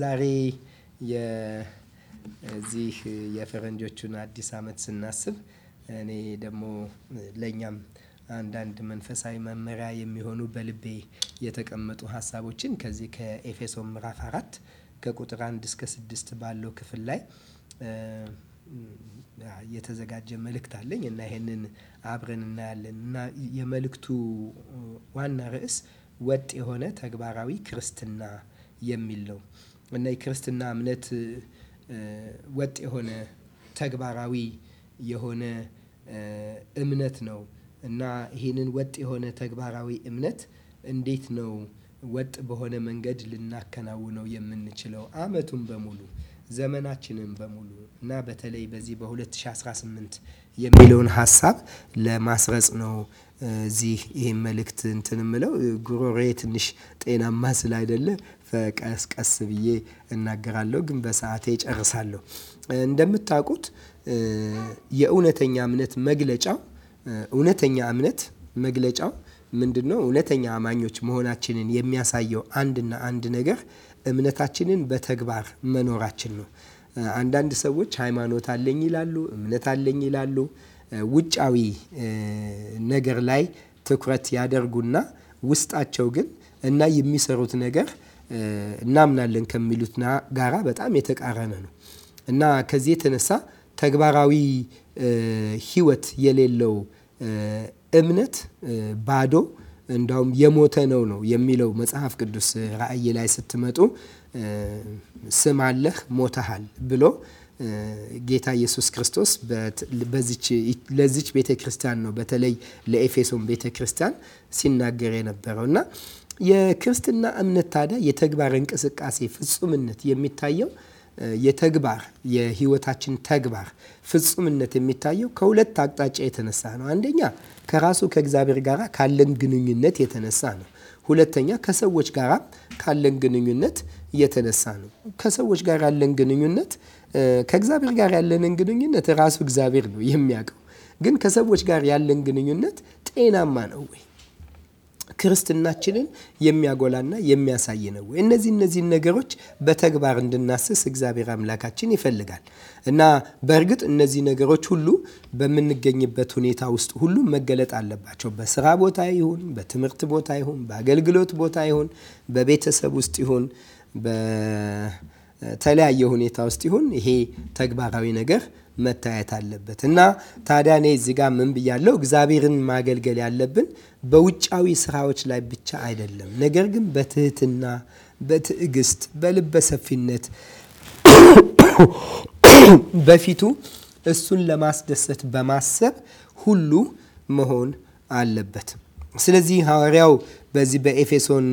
ዛሬ የዚህ የፈረንጆቹን አዲስ አመት ስናስብ እኔ ደግሞ ለእኛም አንዳንድ መንፈሳዊ መመሪያ የሚሆኑ በልቤ የተቀመጡ ሀሳቦችን ከዚህ ከኤፌሶ ምዕራፍ አራት ከቁጥር አንድ እስከ ስድስት ባለው ክፍል ላይ የተዘጋጀ መልእክት አለኝ እና ይሄንን አብረን እናያለን እና የመልእክቱ ዋና ርዕስ ወጥ የሆነ ተግባራዊ ክርስትና የሚል ነው። እና የክርስትና እምነት ወጥ የሆነ ተግባራዊ የሆነ እምነት ነው እና ይህንን ወጥ የሆነ ተግባራዊ እምነት እንዴት ነው ወጥ በሆነ መንገድ ልናከናውነው የምንችለው? አመቱን በሙሉ ዘመናችንን በሙሉ እና በተለይ በዚህ በ2018 የሚለውን ሀሳብ ለማስረጽ ነው። እዚህ ይሄን መልእክት እንትን የምለው ትንሽ ጤናማ ስላይደለ ቀስቀስ ብዬ እናገራለሁ፣ ግን በሰዓቴ ጨርሳለሁ። እንደምታውቁት የእውነተኛ እምነት መግለጫው እውነተኛ እምነት መግለጫው ምንድን ነው? እውነተኛ አማኞች መሆናችንን የሚያሳየው አንድና አንድ ነገር እምነታችንን በተግባር መኖራችን ነው። አንዳንድ ሰዎች ሃይማኖት አለኝ ይላሉ፣ እምነት አለኝ ይላሉ። ውጫዊ ነገር ላይ ትኩረት ያደርጉና ውስጣቸው ግን እና የሚሰሩት ነገር እናምናለን ከሚሉት ጋራ በጣም የተቃረነ ነው እና ከዚህ የተነሳ ተግባራዊ ህይወት የሌለው እምነት ባዶ እንዳውም የሞተ ነው ነው የሚለው መጽሐፍ ቅዱስ ራእይ ላይ ስትመጡ ስም አለህ ሞተሃል ብሎ ጌታ ኢየሱስ ክርስቶስ ለዚች ቤተ ክርስቲያን ነው በተለይ ለኤፌሶን ቤተ ክርስቲያን ሲናገር የነበረው እና የክርስትና እምነት ታዲያ የተግባር እንቅስቃሴ ፍጹምነት የሚታየው የተግባር የህይወታችን ተግባር ፍጹምነት የሚታየው ከሁለት አቅጣጫ የተነሳ ነው። አንደኛ ከራሱ ከእግዚአብሔር ጋር ካለን ግንኙነት የተነሳ ነው። ሁለተኛ ከሰዎች ጋር ካለን ግንኙነት የተነሳ ነው። ከሰዎች ጋር ያለን ግንኙነት ከእግዚአብሔር ጋር ያለንን ግንኙነት ራሱ እግዚአብሔር ነው የሚያውቀው። ግን ከሰዎች ጋር ያለን ግንኙነት ጤናማ ነው ወይ? ክርስትናችንን የሚያጎላና የሚያሳይ ነው። እነዚህ እነዚህን ነገሮች በተግባር እንድናስስ እግዚአብሔር አምላካችን ይፈልጋል እና በእርግጥ እነዚህ ነገሮች ሁሉ በምንገኝበት ሁኔታ ውስጥ ሁሉ መገለጥ አለባቸው። በስራ ቦታ ይሁን፣ በትምህርት ቦታ ይሁን፣ በአገልግሎት ቦታ ይሁን፣ በቤተሰብ ውስጥ ይሁን፣ በተለያየ ሁኔታ ውስጥ ይሁን ይሄ ተግባራዊ ነገር መታየት አለበት እና ታዲያ እኔ እዚህ ጋር ምን ብያለው? እግዚአብሔርን ማገልገል ያለብን በውጫዊ ስራዎች ላይ ብቻ አይደለም፣ ነገር ግን በትህትና፣ በትዕግስት፣ በልበሰፊነት በፊቱ እሱን ለማስደሰት በማሰብ ሁሉ መሆን አለበት። ስለዚህ ሐዋርያው በዚህ በኤፌሶን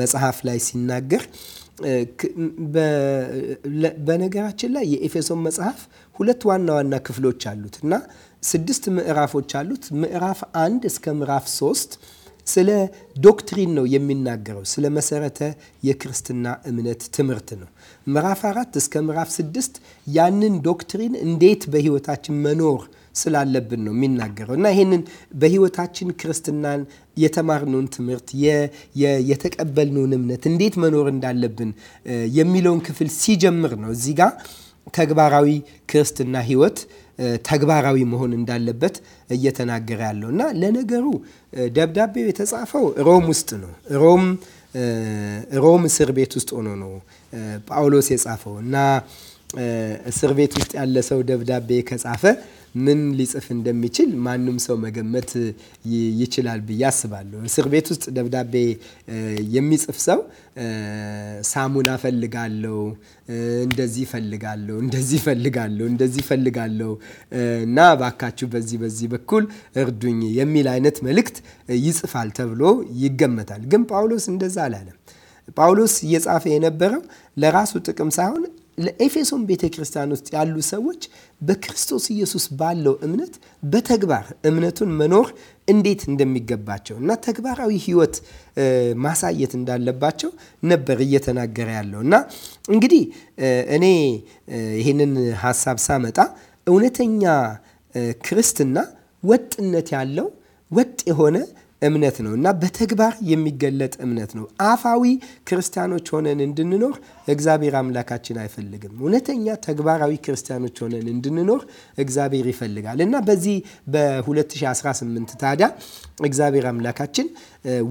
መጽሐፍ ላይ ሲናገር በነገራችን ላይ የኤፌሶን መጽሐፍ ሁለት ዋና ዋና ክፍሎች አሉት እና ስድስት ምዕራፎች አሉት። ምዕራፍ አንድ እስከ ምዕራፍ ሶስት ስለ ዶክትሪን ነው የሚናገረው፣ ስለ መሰረተ የክርስትና እምነት ትምህርት ነው። ምዕራፍ አራት እስከ ምዕራፍ ስድስት ያንን ዶክትሪን እንዴት በህይወታችን መኖር ስላለብን ነው የሚናገረው እና ይህንን በህይወታችን ክርስትናን የተማርነውን ትምህርት የተቀበልነውን እምነት እንዴት መኖር እንዳለብን የሚለውን ክፍል ሲጀምር ነው እዚህ ጋር ተግባራዊ ክርስትና ህይወት ተግባራዊ መሆን እንዳለበት እየተናገረ ያለው እና ለነገሩ ደብዳቤው የተጻፈው ሮም ውስጥ ነው። ሮም ሮም እስር ቤት ውስጥ ሆኖ ነው ጳውሎስ የጻፈው እና እስር ቤት ውስጥ ያለ ሰው ደብዳቤ ከጻፈ ምን ሊጽፍ እንደሚችል ማንም ሰው መገመት ይችላል ብዬ አስባለሁ። እስር ቤት ውስጥ ደብዳቤ የሚጽፍ ሰው ሳሙና ፈልጋለሁ፣ እንደዚህ ፈልጋለሁ፣ እንደዚህ ፈልጋለሁ፣ እንደዚህ ፈልጋለሁ እና ባካችሁ በዚህ በዚህ በኩል እርዱኝ የሚል አይነት መልእክት ይጽፋል ተብሎ ይገመታል። ግን ጳውሎስ እንደዛ አላለም። ጳውሎስ እየጻፈ የነበረው ለራሱ ጥቅም ሳይሆን ለኤፌሶን ቤተ ክርስቲያን ውስጥ ያሉ ሰዎች በክርስቶስ ኢየሱስ ባለው እምነት በተግባር እምነቱን መኖር እንዴት እንደሚገባቸው እና ተግባራዊ ሕይወት ማሳየት እንዳለባቸው ነበር እየተናገረ ያለው እና እንግዲህ እኔ ይህንን ሀሳብ ሳመጣ እውነተኛ ክርስትና ወጥነት ያለው ወጥ የሆነ እምነት ነው እና በተግባር የሚገለጥ እምነት ነው። አፋዊ ክርስቲያኖች ሆነን እንድንኖር እግዚአብሔር አምላካችን አይፈልግም። እውነተኛ ተግባራዊ ክርስቲያኖች ሆነን እንድንኖር እግዚአብሔር ይፈልጋል እና በዚህ በ2018 ታዲያ እግዚአብሔር አምላካችን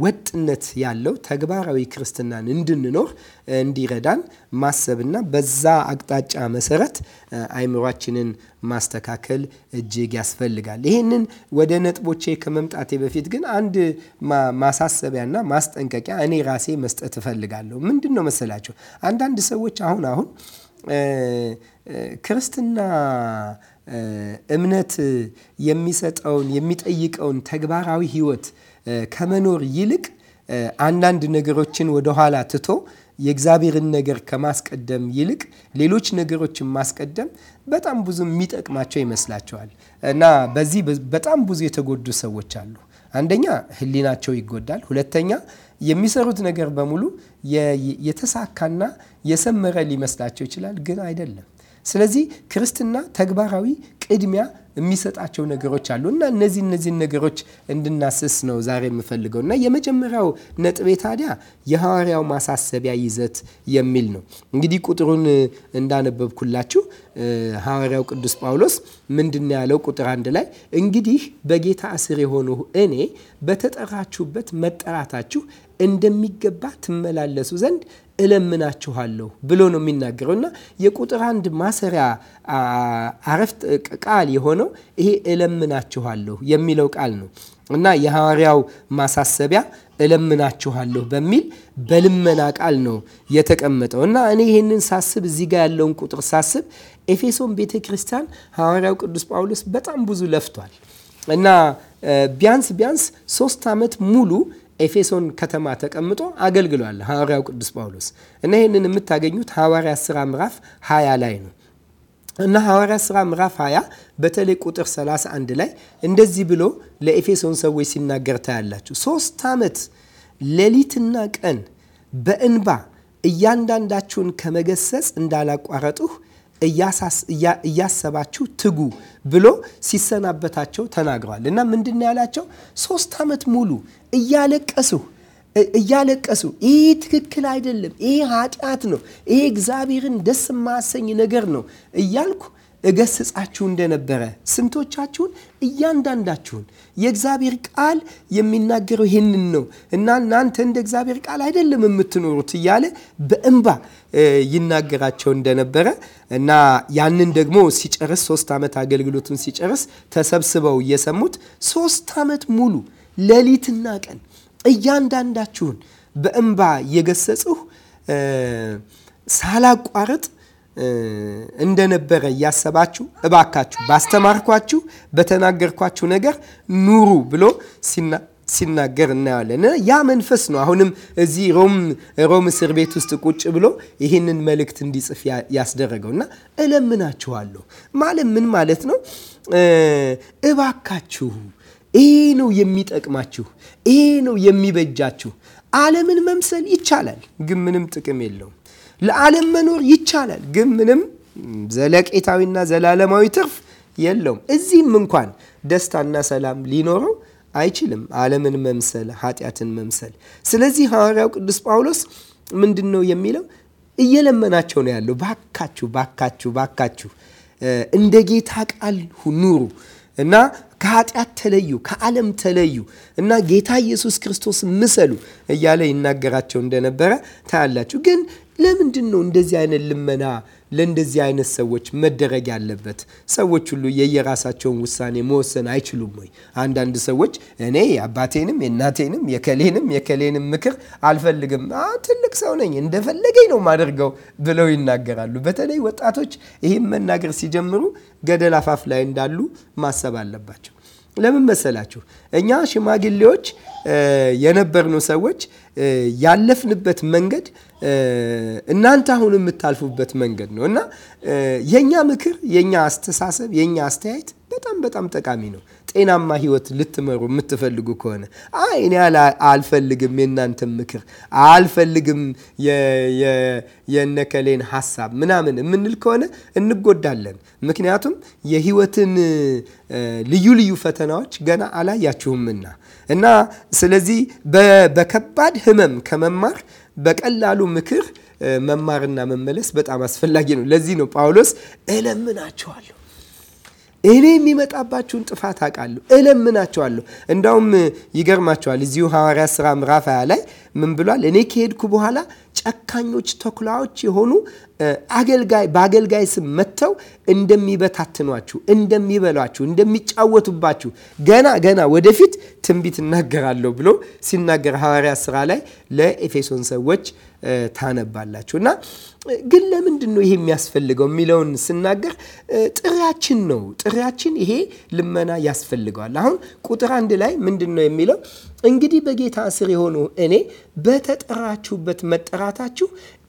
ወጥነት ያለው ተግባራዊ ክርስትናን እንድንኖር እንዲረዳን ማሰብና በዛ አቅጣጫ መሰረት አይምሯችንን ማስተካከል እጅግ ያስፈልጋል። ይህንን ወደ ነጥቦቼ ከመምጣቴ በፊት ግን አንድ ማሳሰቢያና ማስጠንቀቂያ እኔ ራሴ መስጠት እፈልጋለሁ። ምንድን ነው መሰላቸው አንዳንድ ሰዎች አሁን አሁን ክርስትና እምነት የሚሰጠውን የሚጠይቀውን ተግባራዊ ህይወት ከመኖር ይልቅ አንዳንድ ነገሮችን ወደኋላ ትቶ የእግዚአብሔርን ነገር ከማስቀደም ይልቅ ሌሎች ነገሮችን ማስቀደም በጣም ብዙ የሚጠቅማቸው ይመስላቸዋል እና በዚህ በጣም ብዙ የተጎዱ ሰዎች አሉ። አንደኛ ህሊናቸው ይጎዳል። ሁለተኛ የሚሰሩት ነገር በሙሉ የተሳካና የሰመረ ሊመስላቸው ይችላል፣ ግን አይደለም። ስለዚህ ክርስትና ተግባራዊ ቅድሚያ የሚሰጣቸው ነገሮች አሉ እና እነዚህ እነዚህን ነገሮች እንድናስስ ነው ዛሬ የምፈልገው እና የመጀመሪያው ነጥቤ ታዲያ የሐዋርያው ማሳሰቢያ ይዘት የሚል ነው። እንግዲህ ቁጥሩን እንዳነበብኩላችሁ ሐዋርያው ቅዱስ ጳውሎስ ምንድን ያለው ቁጥር አንድ ላይ እንግዲህ በጌታ እስር የሆኑ እኔ በተጠራችሁበት መጠራታችሁ እንደሚገባ ትመላለሱ ዘንድ እለምናችኋለሁ ብሎ ነው የሚናገረው እና የቁጥር አንድ ማሰሪያ አረፍት ቃል የሆነው ይሄ እለምናችኋለሁ የሚለው ቃል ነው እና የሐዋርያው ማሳሰቢያ እለምናችኋለሁ በሚል በልመና ቃል ነው የተቀመጠው እና እኔ ይህንን ሳስብ እዚህ ጋር ያለውን ቁጥር ሳስብ ኤፌሶን ቤተ ክርስቲያን ሐዋርያው ቅዱስ ጳውሎስ በጣም ብዙ ለፍቷል እና ቢያንስ ቢያንስ ሶስት ዓመት ሙሉ ኤፌሶን ከተማ ተቀምጦ አገልግሏል ሐዋርያው ቅዱስ ጳውሎስ እና ይህንን የምታገኙት ሐዋርያ ስራ ምዕራፍ 20 ላይ ነው። እና ሐዋርያ ስራ ምዕራፍ 20 በተለይ ቁጥር 31 ላይ እንደዚህ ብሎ ለኤፌሶን ሰዎች ሲናገር ታያላችሁ። ሶስት ዓመት ሌሊትና ቀን በእንባ እያንዳንዳችሁን ከመገሰጽ እንዳላቋረጥሁ እያሰባችሁ ትጉ ብሎ ሲሰናበታቸው ተናግረዋል። እና ምንድን ያላቸው ሶስት ዓመት ሙሉ እያለቀሱ እያለቀሱ ይህ ትክክል አይደለም፣ ይህ ኃጢአት ነው፣ ይህ እግዚአብሔርን ደስ የማያሰኝ ነገር ነው እያልኩ እገስጻችሁ እንደነበረ ስንቶቻችሁን እያንዳንዳችሁን የእግዚአብሔር ቃል የሚናገረው ይህንን ነው እና እናንተ እንደ እግዚአብሔር ቃል አይደለም የምትኖሩት እያለ በእንባ ይናገራቸው እንደነበረ እና ያንን ደግሞ ሲጨርስ ሶስት ዓመት አገልግሎቱን ሲጨርስ ተሰብስበው እየሰሙት ሶስት ዓመት ሙሉ ሌሊትና ቀን እያንዳንዳችሁን በእንባ እየገሰጽሁ ሳላቋርጥ እንደነበረ እያሰባችሁ እባካችሁ ባስተማርኳችሁ በተናገርኳችሁ ነገር ኑሩ ብሎ ሲናገር እናያለን። ያ መንፈስ ነው አሁንም እዚህ ሮም እስር ቤት ውስጥ ቁጭ ብሎ ይህንን መልእክት እንዲጽፍ ያስደረገው እና እለምናችኋለሁ ማለት ምን ማለት ነው? እባካችሁ ይሄ ነው የሚጠቅማችሁ፣ ይሄ ነው የሚበጃችሁ። ዓለምን መምሰል ይቻላል፣ ግን ምንም ጥቅም የለውም። ለዓለም መኖር ይቻላል፣ ግን ምንም ዘለቄታዊና ዘላለማዊ ትርፍ የለውም። እዚህም እንኳን ደስታና ሰላም ሊኖረው አይችልም፣ ዓለምን መምሰል፣ ኃጢአትን መምሰል። ስለዚህ ሐዋርያው ቅዱስ ጳውሎስ ምንድን ነው የሚለው? እየለመናቸው ነው ያለው። ባካችሁ፣ ባካችሁ፣ ባካችሁ እንደ ጌታ ቃል ኑሩ እና ከኃጢአት ተለዩ፣ ከዓለም ተለዩ እና ጌታ ኢየሱስ ክርስቶስ ምሰሉ እያለ ይናገራቸው እንደነበረ ታያላችሁ። ግን ለምንድን ነው እንደዚህ አይነት ልመና ለእንደዚህ አይነት ሰዎች መደረግ ያለበት? ሰዎች ሁሉ የየራሳቸውን ውሳኔ መወሰን አይችሉም ወይ? አንዳንድ ሰዎች እኔ አባቴንም የእናቴንም የከሌንም የከሌንም ምክር አልፈልግም፣ ትልቅ ሰው ነኝ፣ እንደፈለገኝ ነው ማደርገው ብለው ይናገራሉ። በተለይ ወጣቶች ይህም መናገር ሲጀምሩ ገደል አፋፍ ላይ እንዳሉ ማሰብ አለባቸው። ለምን መሰላችሁ? እኛ ሽማግሌዎች የነበርነው ሰዎች ያለፍንበት መንገድ እናንተ አሁን የምታልፉበት መንገድ ነው እና የእኛ ምክር፣ የእኛ አስተሳሰብ፣ የእኛ አስተያየት በጣም በጣም ጠቃሚ ነው። ጤናማ ህይወት ልትመሩ የምትፈልጉ ከሆነ አይ እኔ አልፈልግም፣ የእናንተን ምክር አልፈልግም፣ የነከሌን ሀሳብ ምናምን የምንል ከሆነ እንጎዳለን። ምክንያቱም የህይወትን ልዩ ልዩ ፈተናዎች ገና አላያችሁምና እና ስለዚህ በከባድ ህመም ከመማር በቀላሉ ምክር መማርና መመለስ በጣም አስፈላጊ ነው። ለዚህ ነው ጳውሎስ እለምናችኋለሁ እኔ የሚመጣባችሁን ጥፋት አውቃለሁ፣ እለምናቸዋለሁ። እንዳውም ይገርማቸዋል። እዚሁ ሐዋርያ ሥራ ምዕራፍ ሃያ ላይ ምን ብሏል? እኔ ከሄድኩ በኋላ ጨካኞች ተኩላዎች የሆኑ አገልጋይ በአገልጋይ ስም መጥተው እንደሚበታትኗችሁ፣ እንደሚበሏችሁ፣ እንደሚጫወቱባችሁ ገና ገና ወደፊት ትንቢት እናገራለሁ ብሎ ሲናገር ሐዋርያ ስራ ላይ ለኤፌሶን ሰዎች ታነባላችሁ እና ግን ለምንድን ነው ይሄ የሚያስፈልገው የሚለውን ስናገር ጥሪያችን ነው። ጥሪያችን ይሄ ልመና ያስፈልገዋል። አሁን ቁጥር አንድ ላይ ምንድን ነው የሚለው? እንግዲህ በጌታ ስር የሆኑ እኔ በተጠራችሁበት መጠራታችሁ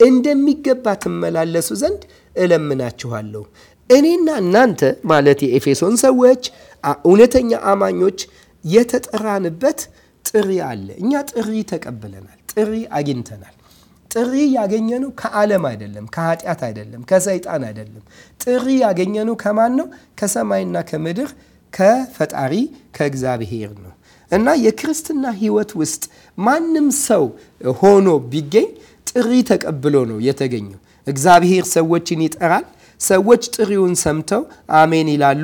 እንደሚገባ ትመላለሱ ዘንድ እለምናችኋለሁ። እኔና እናንተ ማለት የኤፌሶን ሰዎች እውነተኛ አማኞች የተጠራንበት ጥሪ አለ። እኛ ጥሪ ተቀብለናል። ጥሪ አግኝተናል። ጥሪ ያገኘነው ከዓለም አይደለም፣ ከኃጢአት አይደለም፣ ከሰይጣን አይደለም። ጥሪ ያገኘነው ከማን ነው? ከሰማይና ከምድር ከፈጣሪ ከእግዚአብሔር ነው። እና የክርስትና ህይወት ውስጥ ማንም ሰው ሆኖ ቢገኝ ጥሪ ተቀብሎ ነው የተገኘው። እግዚአብሔር ሰዎችን ይጠራል። ሰዎች ጥሪውን ሰምተው አሜን ይላሉ፣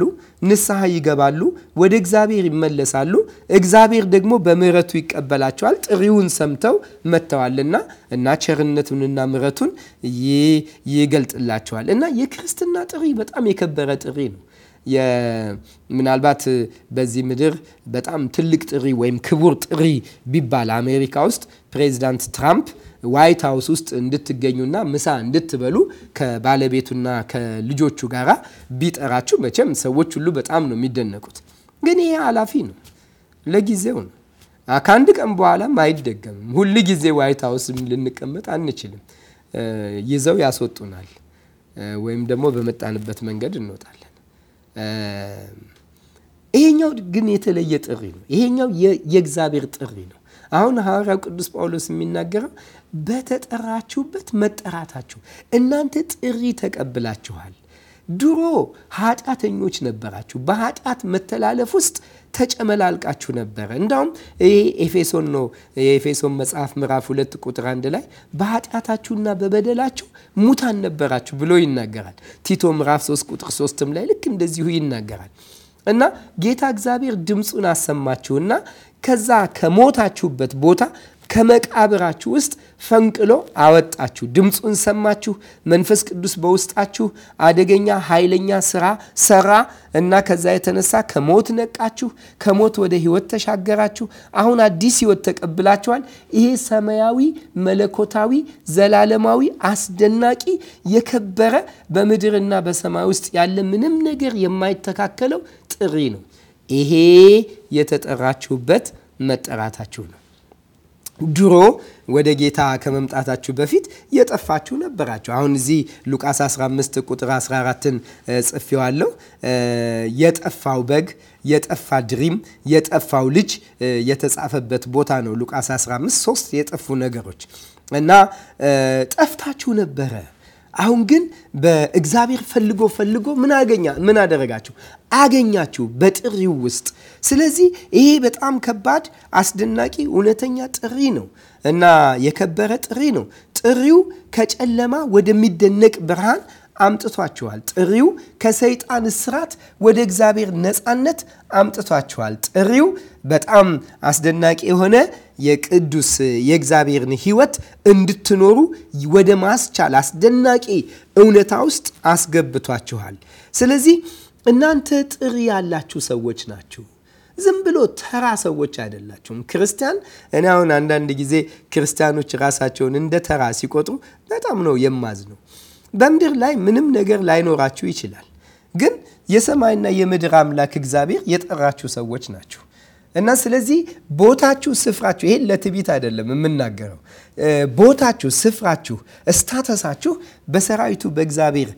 ንስሐ ይገባሉ፣ ወደ እግዚአብሔር ይመለሳሉ። እግዚአብሔር ደግሞ በምሕረቱ ይቀበላቸዋል። ጥሪውን ሰምተው መጥተዋልና እና ቸርነቱንና ምሕረቱን ይገልጥላቸዋል እና የክርስትና ጥሪ በጣም የከበረ ጥሪ ነው። ምናልባት በዚህ ምድር በጣም ትልቅ ጥሪ ወይም ክቡር ጥሪ ቢባል አሜሪካ ውስጥ ፕሬዚዳንት ትራምፕ ዋይት ሀውስ ውስጥ እንድትገኙና ምሳ እንድትበሉ ከባለቤቱና ከልጆቹ ጋራ ቢጠራችሁ መቼም ሰዎች ሁሉ በጣም ነው የሚደነቁት። ግን ይሄ ኃላፊ ነው፣ ለጊዜው ነው። ከአንድ ቀን በኋላም አይደገምም። ሁል ጊዜ ዋይት ሀውስ ልንቀመጥ አንችልም። ይዘው ያስወጡናል፣ ወይም ደግሞ በመጣንበት መንገድ እንወጣለን። ይሄኛው ግን የተለየ ጥሪ ነው። ይሄኛው የእግዚአብሔር ጥሪ ነው። አሁን ሐዋርያው ቅዱስ ጳውሎስ የሚናገረው በተጠራችሁበት መጠራታችሁ እናንተ ጥሪ ተቀብላችኋል። ድሮ ኃጢአተኞች ነበራችሁ። በኃጢአት መተላለፍ ውስጥ ተጨመላልቃችሁ ነበረ። እንዳውም ይህ ኤፌሶን ነው። የኤፌሶን መጽሐፍ ምዕራፍ ሁለት ቁጥር አንድ ላይ በኃጢአታችሁና በበደላችሁ ሙታን ነበራችሁ ብሎ ይናገራል። ቲቶ ምዕራፍ 3 ቁጥር 3ም ላይ ልክ እንደዚሁ ይናገራል። እና ጌታ እግዚአብሔር ድምፁን አሰማችሁና ከዛ ከሞታችሁበት ቦታ ከመቃብራችሁ ውስጥ ፈንቅሎ አወጣችሁ። ድምፁን ሰማችሁ። መንፈስ ቅዱስ በውስጣችሁ አደገኛ ኃይለኛ ስራ ሰራ እና ከዛ የተነሳ ከሞት ነቃችሁ። ከሞት ወደ ህይወት ተሻገራችሁ። አሁን አዲስ ህይወት ተቀብላችኋል። ይሄ ሰማያዊ፣ መለኮታዊ፣ ዘላለማዊ፣ አስደናቂ የከበረ በምድርና በሰማይ ውስጥ ያለ ምንም ነገር የማይተካከለው ጥሪ ነው። ይሄ የተጠራችሁበት መጠራታችሁ ነው። ድሮ ወደ ጌታ ከመምጣታችሁ በፊት የጠፋችሁ ነበራችሁ። አሁን እዚህ ሉቃስ 15 ቁጥር 14ን ጽፌዋለሁ። የጠፋው በግ፣ የጠፋ ድሪም፣ የጠፋው ልጅ የተጻፈበት ቦታ ነው። ሉቃስ 15 ሶስት የጠፉ ነገሮች እና ጠፍታችሁ ነበረ። አሁን ግን በእግዚአብሔር ፈልጎ ፈልጎ ምን አገኛ ምን አደረጋችሁ? አገኛችሁ በጥሪው ውስጥ። ስለዚህ ይሄ በጣም ከባድ አስደናቂ እውነተኛ ጥሪ ነው እና የከበረ ጥሪ ነው። ጥሪው ከጨለማ ወደሚደነቅ ብርሃን አምጥቷችኋል። ጥሪው ከሰይጣን እስራት ወደ እግዚአብሔር ነፃነት አምጥቷችኋል። ጥሪው በጣም አስደናቂ የሆነ የቅዱስ የእግዚአብሔርን ሕይወት እንድትኖሩ ወደ ማስቻል አስደናቂ እውነታ ውስጥ አስገብቷችኋል። ስለዚህ እናንተ ጥሪ ያላችሁ ሰዎች ናችሁ። ዝም ብሎ ተራ ሰዎች አይደላችሁም። ክርስቲያን እኔ አሁን አንዳንድ ጊዜ ክርስቲያኖች ራሳቸውን እንደ ተራ ሲቆጥሩ በጣም ነው የማዝ ነው። በምድር ላይ ምንም ነገር ላይኖራችሁ ይችላል፣ ግን የሰማይና የምድር አምላክ እግዚአብሔር የጠራችሁ ሰዎች ናችሁ። እና ስለዚህ ቦታችሁ፣ ስፍራችሁ ይሄን ለትቢት አይደለም የምናገረው። ቦታችሁ፣ ስፍራችሁ፣ እስታተሳችሁ በሰራዊቱ በእግዚአብሔር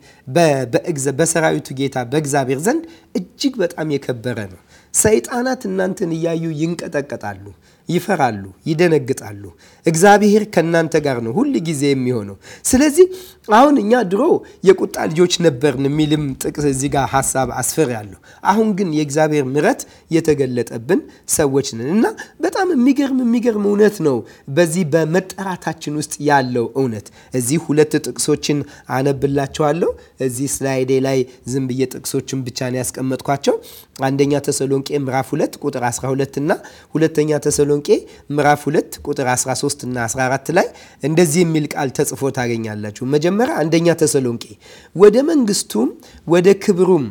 በሰራዊቱ ጌታ በእግዚአብሔር ዘንድ እጅግ በጣም የከበረ ነው። ሰይጣናት እናንተን እያዩ ይንቀጠቀጣሉ። ይፈራሉ፣ ይደነግጣሉ። እግዚአብሔር ከእናንተ ጋር ነው ሁል ጊዜ የሚሆነው። ስለዚህ አሁን እኛ ድሮ የቁጣ ልጆች ነበርን የሚልም ጥቅስ እዚህ ጋር ሀሳብ ያለሁ። አሁን ግን የእግዚአብሔር ምረት የተገለጠብን ሰዎች ነን እና በጣም የሚገርም የሚገርም እውነት ነው። በዚህ በመጠራታችን ውስጥ ያለው እውነት እዚህ ሁለት ጥቅሶችን አነብላቸዋለሁ። እዚህ ስላይዴ ላይ ዝም ብዬ ጥቅሶችን ብቻ ነው ያስቀመጥኳቸው። አንደኛ ተሰሎንቄ ምዕራፍ 2 ቁጥር 12 እና ሁለተኛ ተሰሎ ተሰሎንቄ ምዕራፍ 2 ቁጥር 13 እና 14 ላይ እንደዚህ የሚል ቃል ተጽፎ ታገኛላችሁ። መጀመሪያ አንደኛ ተሰሎንቄ ወደ መንግስቱም ወደ ክብሩም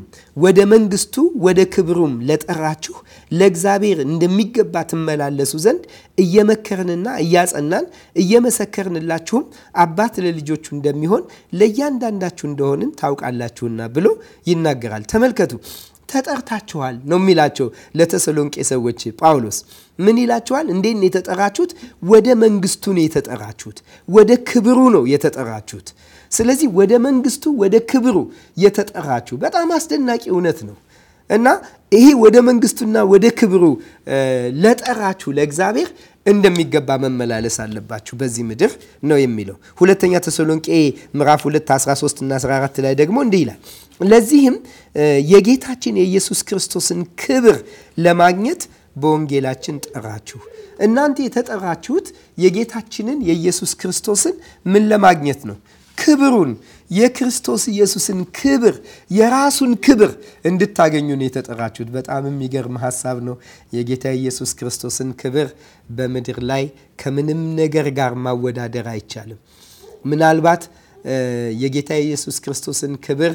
ወደ መንግስቱ ወደ ክብሩም ለጠራችሁ ለእግዚአብሔር እንደሚገባ ትመላለሱ ዘንድ እየመከርንና እያጸናን እየመሰከርንላችሁም አባት ለልጆቹ እንደሚሆን ለእያንዳንዳችሁ እንደሆንን ታውቃላችሁና ብሎ ይናገራል። ተመልከቱ ተጠርታችኋል ነው የሚላቸው ለተሰሎንቄ ሰዎች ጳውሎስ ምን ይላችኋል? እንዴት ነው የተጠራችሁት? ወደ መንግስቱ ነው የተጠራችሁት። ወደ ክብሩ ነው የተጠራችሁት። ስለዚህ ወደ መንግስቱ፣ ወደ ክብሩ የተጠራችሁ በጣም አስደናቂ እውነት ነው እና ይሄ ወደ መንግስቱና ወደ ክብሩ ለጠራችሁ ለእግዚአብሔር እንደሚገባ መመላለስ አለባችሁ በዚህ ምድር ነው የሚለው። ሁለተኛ ተሰሎንቄ ምዕራፍ 2 13 እና 14 ላይ ደግሞ እንዲህ ይላል ለዚህም የጌታችን የኢየሱስ ክርስቶስን ክብር ለማግኘት በወንጌላችን ጠራችሁ። እናንተ የተጠራችሁት የጌታችንን የኢየሱስ ክርስቶስን ምን ለማግኘት ነው? ክብሩን የክርስቶስ ኢየሱስን ክብር የራሱን ክብር እንድታገኙ ነው የተጠራችሁት። በጣም የሚገርም ሀሳብ ነው። የጌታ ኢየሱስ ክርስቶስን ክብር በምድር ላይ ከምንም ነገር ጋር ማወዳደር አይቻልም። ምናልባት የጌታ ኢየሱስ ክርስቶስን ክብር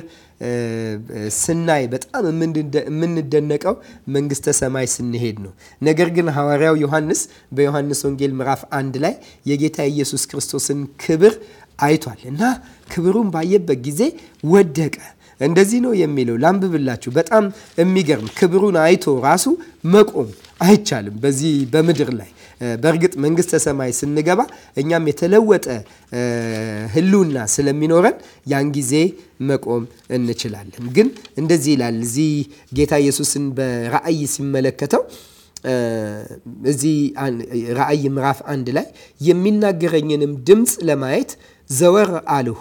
ስናይ በጣም የምንደነቀው መንግስተ ሰማይ ስንሄድ ነው። ነገር ግን ሐዋርያው ዮሐንስ በዮሐንስ ወንጌል ምዕራፍ አንድ ላይ የጌታ ኢየሱስ ክርስቶስን ክብር አይቷል እና ክብሩን ባየበት ጊዜ ወደቀ። እንደዚህ ነው የሚለው ላንብብላችሁ። በጣም የሚገርም ክብሩን አይቶ ራሱ መቆም አይቻልም በዚህ በምድር ላይ። በእርግጥ መንግስተ ሰማይ ስንገባ እኛም የተለወጠ ህልውና ስለሚኖረን ያን ጊዜ መቆም እንችላለን። ግን እንደዚህ ይላል እዚህ ጌታ ኢየሱስን በራእይ ሲመለከተው እዚህ ራእይ ምዕራፍ አንድ ላይ የሚናገረኝንም ድምፅ ለማየት ዘወር አልሁ።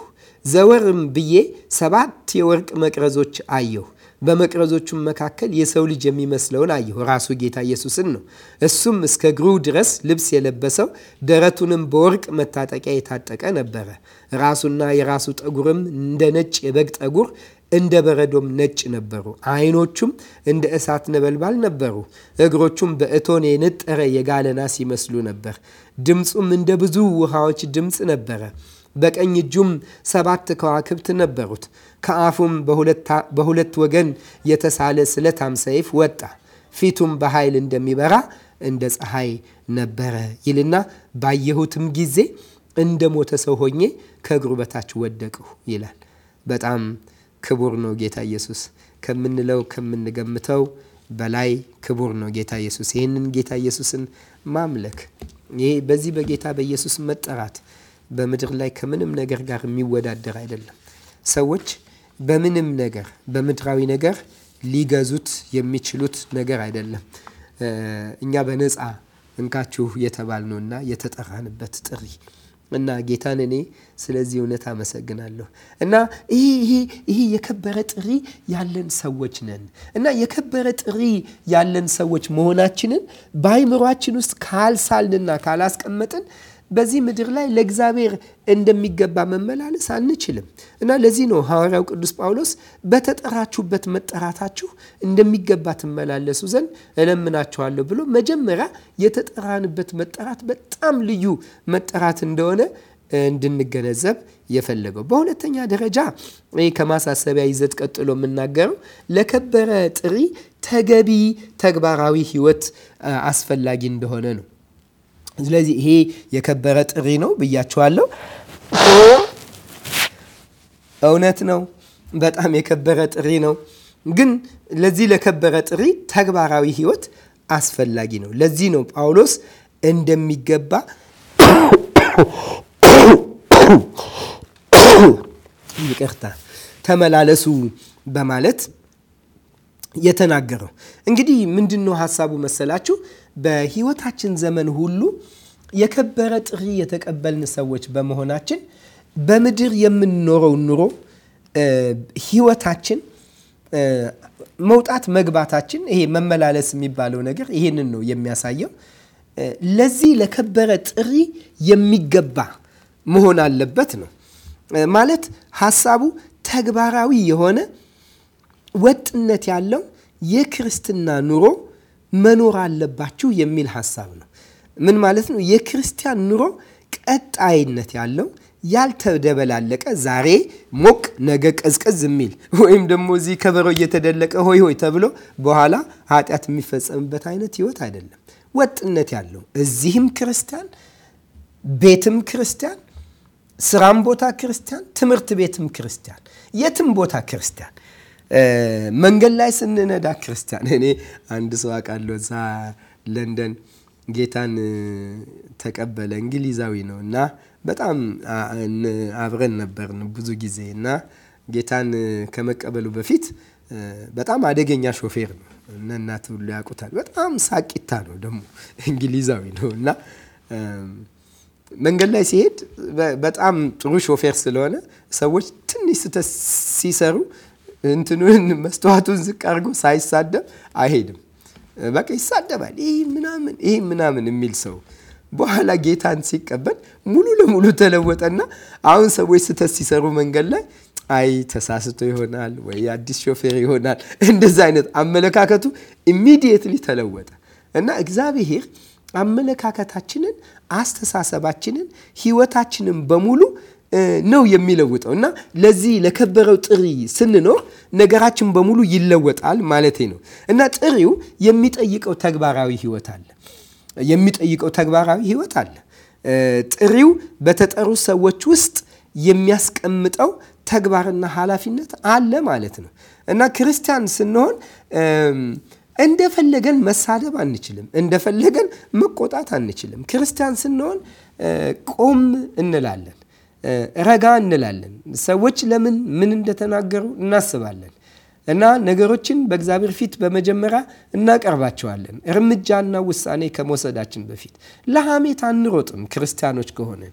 ዘወርም ብዬ ሰባት የወርቅ መቅረዞች አየሁ። በመቅረዞቹም መካከል የሰው ልጅ የሚመስለውን አየሁ። ራሱ ጌታ ኢየሱስን ነው። እሱም እስከ እግሩ ድረስ ልብስ የለበሰው ደረቱንም በወርቅ መታጠቂያ የታጠቀ ነበረ። ራሱና የራሱ ጠጉርም እንደ ነጭ የበግ ጠጉር እንደ በረዶም ነጭ ነበሩ። ዓይኖቹም እንደ እሳት ነበልባል ነበሩ። እግሮቹም በእቶን የነጠረ የጋለና ይመስሉ ነበር። ድምፁም እንደ ብዙ ውሃዎች ድምፅ ነበረ። በቀኝ እጁም ሰባት ከዋክብት ነበሩት። ከአፉም በሁለት ወገን የተሳለ ስለታም ሰይፍ ወጣ። ፊቱም በኃይል እንደሚበራ እንደ ፀሐይ ነበረ ይልና ባየሁትም ጊዜ እንደ ሞተ ሰው ሆኜ ከእግሩ በታች ወደቅሁ ይላል። በጣም ክቡር ነው ጌታ ኢየሱስ ከምንለው ከምንገምተው በላይ ክቡር ነው ጌታ ኢየሱስ። ይህንን ጌታ ኢየሱስን ማምለክ ይሄ በዚህ በጌታ በኢየሱስ መጠራት በምድር ላይ ከምንም ነገር ጋር የሚወዳደር አይደለም። ሰዎች በምንም ነገር በምድራዊ ነገር ሊገዙት የሚችሉት ነገር አይደለም። እኛ በነፃ እንካችሁ እና የተጠራንበት ጥሪ እና ጌታን እኔ ስለዚህ እውነት አመሰግናለሁ። እና ይህ የከበረ ጥሪ ያለን ሰዎች ነን እና የከበረ ጥሪ ያለን ሰዎች መሆናችንን በአይምሯችን ውስጥ ካልሳልንና ካላስቀመጥን በዚህ ምድር ላይ ለእግዚአብሔር እንደሚገባ መመላለስ አንችልም እና ለዚህ ነው ሐዋርያው ቅዱስ ጳውሎስ በተጠራችሁበት መጠራታችሁ እንደሚገባ ትመላለሱ ዘንድ እለምናችኋለሁ ብሎ መጀመሪያ የተጠራንበት መጠራት በጣም ልዩ መጠራት እንደሆነ እንድንገነዘብ የፈለገው። በሁለተኛ ደረጃ ይህ ከማሳሰቢያ ይዘት ቀጥሎ የምናገረው ለከበረ ጥሪ ተገቢ ተግባራዊ ሕይወት አስፈላጊ እንደሆነ ነው። ስለዚህ ይሄ የከበረ ጥሪ ነው ብያችኋለሁ። እውነት ነው። በጣም የከበረ ጥሪ ነው። ግን ለዚህ ለከበረ ጥሪ ተግባራዊ ህይወት አስፈላጊ ነው። ለዚህ ነው ጳውሎስ እንደሚገባ ይቅርታ ተመላለሱ በማለት የተናገረው። እንግዲህ ምንድን ነው ሀሳቡ መሰላችሁ? በህይወታችን ዘመን ሁሉ የከበረ ጥሪ የተቀበልን ሰዎች በመሆናችን በምድር የምንኖረው ኑሮ ህይወታችን መውጣት መግባታችን፣ ይሄ መመላለስ የሚባለው ነገር ይሄንን ነው የሚያሳየው። ለዚህ ለከበረ ጥሪ የሚገባ መሆን አለበት ነው ማለት ሀሳቡ ተግባራዊ የሆነ ወጥነት ያለው የክርስትና ኑሮ መኖር አለባችሁ የሚል ሀሳብ ነው። ምን ማለት ነው? የክርስቲያን ኑሮ ቀጣይነት ያለው ያልተደበላለቀ ዛሬ ሞቅ ነገ ቀዝቀዝ የሚል ወይም ደግሞ እዚህ ከበሮ እየተደለቀ ሆይ ሆይ ተብሎ በኋላ ኃጢአት የሚፈጸምበት አይነት ህይወት አይደለም። ወጥነት ያለው እዚህም ክርስቲያን፣ ቤትም ክርስቲያን፣ ስራም ቦታ ክርስቲያን፣ ትምህርት ቤትም ክርስቲያን፣ የትም ቦታ ክርስቲያን መንገድ ላይ ስንነዳ ክርስቲያን እኔ አንድ ሰው አውቃለሁ እዛ ለንደን ጌታን ተቀበለ። እንግሊዛዊ ነው እና በጣም አብረን ነበርን ብዙ ጊዜ እና ጌታን ከመቀበሉ በፊት በጣም አደገኛ ሾፌር ነው እና እናት ሁሉ ያውቁታል። በጣም ሳቂታ ነው ደግሞ እንግሊዛዊ ነው እና መንገድ ላይ ሲሄድ በጣም ጥሩ ሾፌር ስለሆነ ሰዎች ትንሽ ስተት ሲሰሩ እንትኑን መስተዋቱን ዝቅ አድርጎ ሳይሳደብ አይሄድም። በቃ ይሳደባል። ይህ ምናምን ይህ ምናምን የሚል ሰው በኋላ ጌታን ሲቀበል ሙሉ ለሙሉ ተለወጠና አሁን ሰዎች ስህተት ሲሰሩ መንገድ ላይ አይ ተሳስቶ ይሆናል ወይ አዲስ ሾፌር ይሆናል እንደዚ አይነት አመለካከቱ ኢሚዲየትሊ ተለወጠ እና እግዚአብሔር አመለካከታችንን፣ አስተሳሰባችንን፣ ህይወታችንን በሙሉ ነው የሚለውጠው እና ለዚህ ለከበረው ጥሪ ስንኖር ነገራችን በሙሉ ይለወጣል ማለት ነው እና ጥሪው የሚጠይቀው ተግባራዊ ህይወት አለ የሚጠይቀው ተግባራዊ ህይወት አለ ጥሪው በተጠሩ ሰዎች ውስጥ የሚያስቀምጠው ተግባርና ኃላፊነት አለ ማለት ነው እና ክርስቲያን ስንሆን እንደፈለገን መሳደብ አንችልም። እንደፈለገን መቆጣት አንችልም። ክርስቲያን ስንሆን ቆም እንላለን። ረጋ እንላለን። ሰዎች ለምን ምን እንደተናገሩ እናስባለን እና ነገሮችን በእግዚአብሔር ፊት በመጀመሪያ እናቀርባቸዋለን። እርምጃና ውሳኔ ከመውሰዳችን በፊት ለሐሜት አንሮጥም ክርስቲያኖች ከሆነን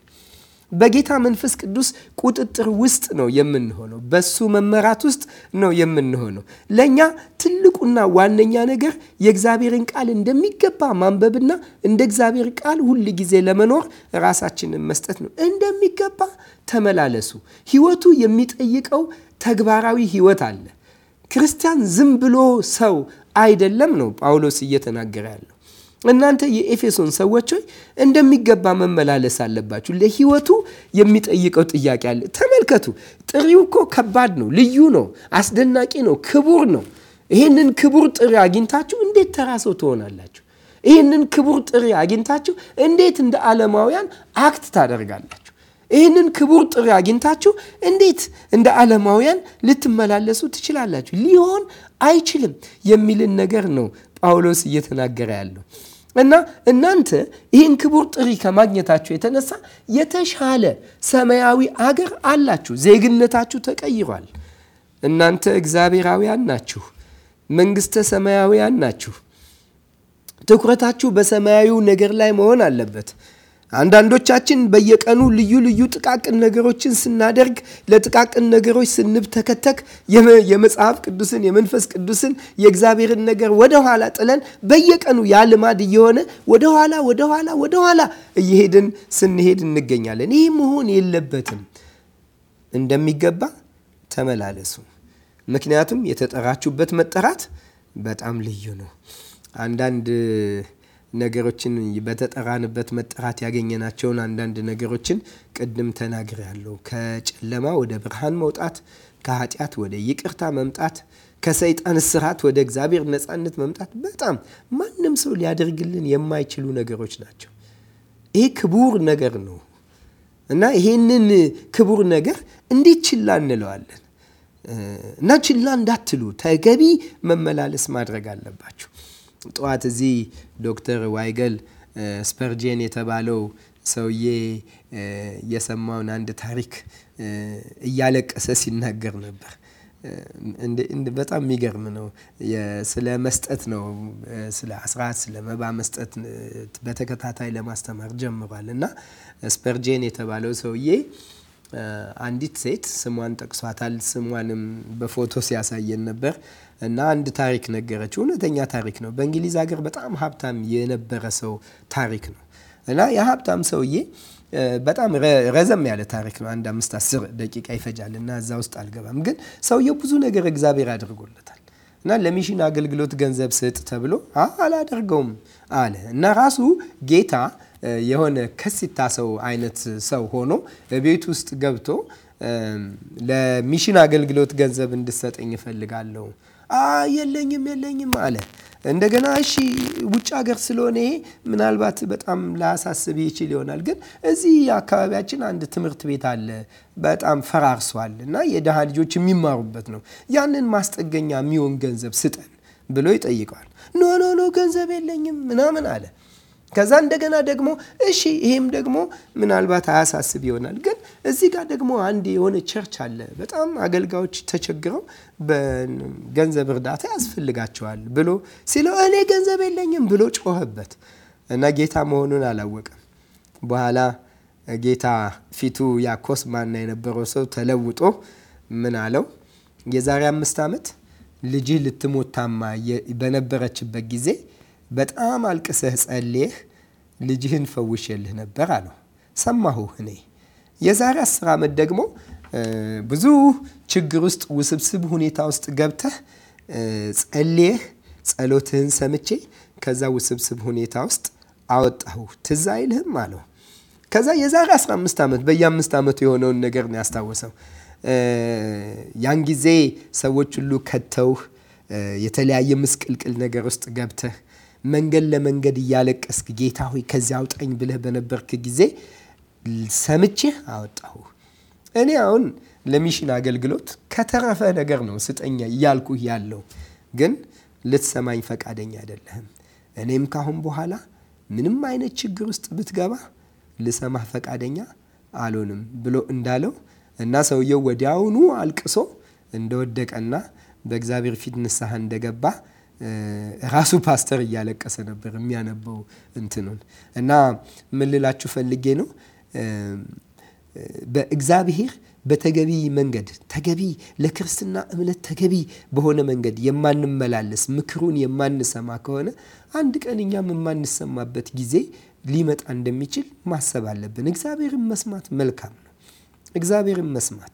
በጌታ መንፈስ ቅዱስ ቁጥጥር ውስጥ ነው የምንሆነው። በሱ መመራት ውስጥ ነው የምንሆነው። ለእኛ ትልቁና ዋነኛ ነገር የእግዚአብሔርን ቃል እንደሚገባ ማንበብና እንደ እግዚአብሔር ቃል ሁል ጊዜ ለመኖር ራሳችንን መስጠት ነው። እንደሚገባ ተመላለሱ። ህይወቱ የሚጠይቀው ተግባራዊ ህይወት አለ። ክርስቲያን ዝም ብሎ ሰው አይደለም ነው ጳውሎስ እየተናገረ ያለው። እናንተ የኤፌሶን ሰዎች ሆይ እንደሚገባ መመላለስ አለባችሁ። ለህይወቱ የሚጠይቀው ጥያቄ አለ። ተመልከቱ፣ ጥሪው እኮ ከባድ ነው፣ ልዩ ነው፣ አስደናቂ ነው፣ ክቡር ነው። ይህንን ክቡር ጥሪ አግኝታችሁ እንዴት ተራ ሰው ትሆናላችሁ? ይህንን ክቡር ጥሪ አግኝታችሁ እንዴት እንደ ዓለማውያን አክት ታደርጋላችሁ? ይህንን ክቡር ጥሪ አግኝታችሁ እንዴት እንደ ዓለማውያን ልትመላለሱ ትችላላችሁ? ሊሆን አይችልም የሚልን ነገር ነው ጳውሎስ እየተናገረ ያለው። እና እናንተ ይህን ክቡር ጥሪ ከማግኘታችሁ የተነሳ የተሻለ ሰማያዊ አገር አላችሁ። ዜግነታችሁ ተቀይሯል። እናንተ እግዚአብሔራውያን ናችሁ። መንግስተ ሰማያውያን ናችሁ። ትኩረታችሁ በሰማያዊው ነገር ላይ መሆን አለበት። አንዳንዶቻችን በየቀኑ ልዩ ልዩ ጥቃቅን ነገሮችን ስናደርግ ለጥቃቅን ነገሮች ስንብተከተክ የመጽሐፍ ቅዱስን የመንፈስ ቅዱስን የእግዚአብሔርን ነገር ወደኋላ ጥለን በየቀኑ ያ ልማድ እየሆነ ወደኋላ ወደኋላ ወደኋላ እየሄድን ስንሄድ እንገኛለን። ይህ መሆን የለበትም። እንደሚገባ ተመላለሱ። ምክንያቱም የተጠራችሁበት መጠራት በጣም ልዩ ነው። አንዳንድ ነገሮችን በተጠራንበት መጠራት ያገኘናቸውን አንዳንድ ነገሮችን ቅድም ያለው ከጨለማ ወደ ብርሃን መውጣት፣ ከኃጢአት ወደ ይቅርታ መምጣት፣ ከሰይጣን ስርዓት ወደ እግዚአብሔር ነፃነት መምጣት በጣም ማንም ሰው ሊያደርግልን የማይችሉ ነገሮች ናቸው። ይህ ክቡር ነገር ነው እና ይሄንን ክቡር ነገር እንዴት ችላ እንለዋለን? እና ችላ እንዳትሉ ተገቢ መመላለስ ማድረግ አለባችሁ። ጠዋት እዚህ ዶክተር ዋይገል ስፐርጄን የተባለው ሰውዬ የሰማውን አንድ ታሪክ እያለቀሰ ሲናገር ነበር። በጣም የሚገርም ነው። ስለ መስጠት ነው፣ ስለ አስራት፣ ስለ መባ መስጠት በተከታታይ ለማስተማር ጀምሯል እና ስፐርጄን የተባለው ሰውዬ አንዲት ሴት ስሟን ጠቅሷታል። ስሟንም በፎቶ ሲያሳየን ነበር እና አንድ ታሪክ ነገረች እውነተኛ ታሪክ ነው። በእንግሊዝ ሀገር በጣም ሀብታም የነበረ ሰው ታሪክ ነው እና የሀብታም ሰውዬ በጣም ረዘም ያለ ታሪክ ነው። አንድ አምስት አስር ደቂቃ ይፈጃል እና እዛ ውስጥ አልገባም። ግን ሰውየው ብዙ ነገር እግዚአብሔር አድርጎለታል እና ለሚሽን አገልግሎት ገንዘብ ስጥ ተብሎ አላደርገውም አለ እና ራሱ ጌታ የሆነ ከሲታ ሰው አይነት ሰው ሆኖ ቤት ውስጥ ገብቶ ለሚሽን አገልግሎት ገንዘብ እንድሰጠኝ እፈልጋለሁ። የለኝም የለኝም አለ። እንደገና እሺ ውጭ ሀገር ስለሆነ ይሄ ምናልባት በጣም ላሳስብ ይችል ይሆናል፣ ግን እዚህ አካባቢያችን አንድ ትምህርት ቤት አለ በጣም ፈራርሷል እና የድሃ ልጆች የሚማሩበት ነው። ያንን ማስጠገኛ የሚሆን ገንዘብ ስጠን ብሎ ይጠይቀዋል። ኖ ኖ ኖ ገንዘብ የለኝም ምናምን አለ። ከዛ እንደገና ደግሞ እሺ ይህም ደግሞ ምናልባት አያሳስብ ይሆናል። ግን እዚህ ጋር ደግሞ አንድ የሆነ ቸርች አለ፣ በጣም አገልጋዮች ተቸግረው በገንዘብ እርዳታ ያስፈልጋቸዋል ብሎ ሲለው እኔ ገንዘብ የለኝም ብሎ ጮኸበት እና ጌታ መሆኑን አላወቀም። በኋላ ጌታ ፊቱ ያ ኮስማና የነበረው ሰው ተለውጦ ምን አለው የዛሬ አምስት ዓመት ልጅህ ልትሞት ታማ በነበረችበት ጊዜ በጣም አልቅሰህ ጸልየህ ልጅህን ፈውሼልህ ነበር አለው። ሰማሁ እኔ። የዛሬ አስር ዓመት ደግሞ ብዙ ችግር ውስጥ ውስብስብ ሁኔታ ውስጥ ገብተህ ጸልየህ ጸሎትህን ሰምቼ ከዛ ውስብስብ ሁኔታ ውስጥ አወጣሁ ትዝ አይልህም አለው። ከዛ የዛሬ 15 ዓመት በየአምስት ዓመቱ የሆነውን ነገር ነው ያስታወሰው። ያን ጊዜ ሰዎች ሁሉ ከተውህ የተለያየ ምስቅልቅል ነገር ውስጥ ገብተህ መንገድ ለመንገድ እያለቀስክ ጌታ ሆይ ከዚያ አውጣኝ ብለህ በነበርክ ጊዜ ሰምቼህ አወጣሁ እኔ አሁን ለሚሽን አገልግሎት ከተረፈ ነገር ነው ስጠኛ እያልኩ ያለው ግን ልትሰማኝ ፈቃደኛ አይደለህም። እኔም ካሁን በኋላ ምንም አይነት ችግር ውስጥ ብትገባ ልሰማህ ፈቃደኛ አልሆንም ብሎ እንዳለው እና ሰውየው ወዲያውኑ አልቅሶ እንደወደቀና በእግዚአብሔር ፊት ንስሐ እንደገባ ራሱ ፓስተር እያለቀሰ ነበር የሚያነበው እንትኑን እና ምን ፈልጌ ነው በእግዚአብሔር በተገቢ መንገድ ተገቢ ለክርስትና እምነት ተገቢ በሆነ መንገድ የማንመላለስ ምክሩን የማንሰማ ከሆነ አንድ ቀን እኛም የማንሰማበት ጊዜ ሊመጣ እንደሚችል ማሰብ አለብን። እግዚአብሔርን መስማት መልካም ነው። እግዚአብሔርን መስማት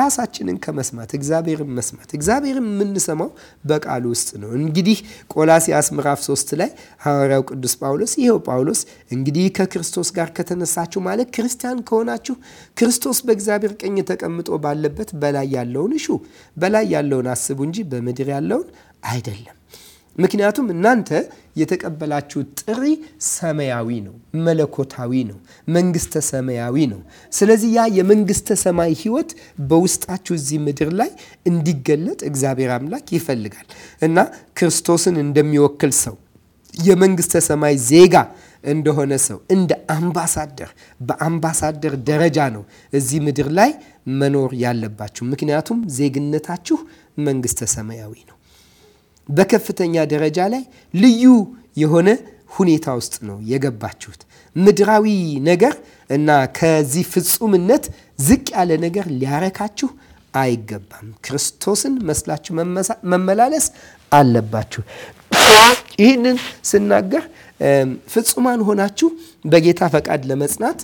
ራሳችንን ከመስማት እግዚአብሔርን መስማት እግዚአብሔርን የምንሰማው በቃሉ ውስጥ ነው። እንግዲህ ቆላሲያስ ምዕራፍ 3 ላይ ሐዋርያው ቅዱስ ጳውሎስ ይኸው ጳውሎስ እንግዲህ ከክርስቶስ ጋር ከተነሳችሁ ማለት ክርስቲያን ከሆናችሁ ክርስቶስ በእግዚአብሔር ቀኝ ተቀምጦ ባለበት በላይ ያለውን እሹ በላይ ያለውን አስቡ እንጂ በምድር ያለውን አይደለም። ምክንያቱም እናንተ የተቀበላችሁ ጥሪ ሰማያዊ ነው፣ መለኮታዊ ነው፣ መንግስተ ሰማያዊ ነው። ስለዚህ ያ የመንግስተ ሰማይ ህይወት በውስጣችሁ እዚህ ምድር ላይ እንዲገለጥ እግዚአብሔር አምላክ ይፈልጋል እና ክርስቶስን እንደሚወክል ሰው የመንግስተ ሰማይ ዜጋ እንደሆነ ሰው እንደ አምባሳደር በአምባሳደር ደረጃ ነው እዚህ ምድር ላይ መኖር ያለባችሁ። ምክንያቱም ዜግነታችሁ መንግስተ ሰማያዊ ነው። በከፍተኛ ደረጃ ላይ ልዩ የሆነ ሁኔታ ውስጥ ነው የገባችሁት። ምድራዊ ነገር እና ከዚህ ፍጹምነት ዝቅ ያለ ነገር ሊያረካችሁ አይገባም። ክርስቶስን መስላችሁ መመላለስ አለባችሁ። ይህንን ስናገር ፍጹማን ሆናችሁ በጌታ ፈቃድ ለመጽናት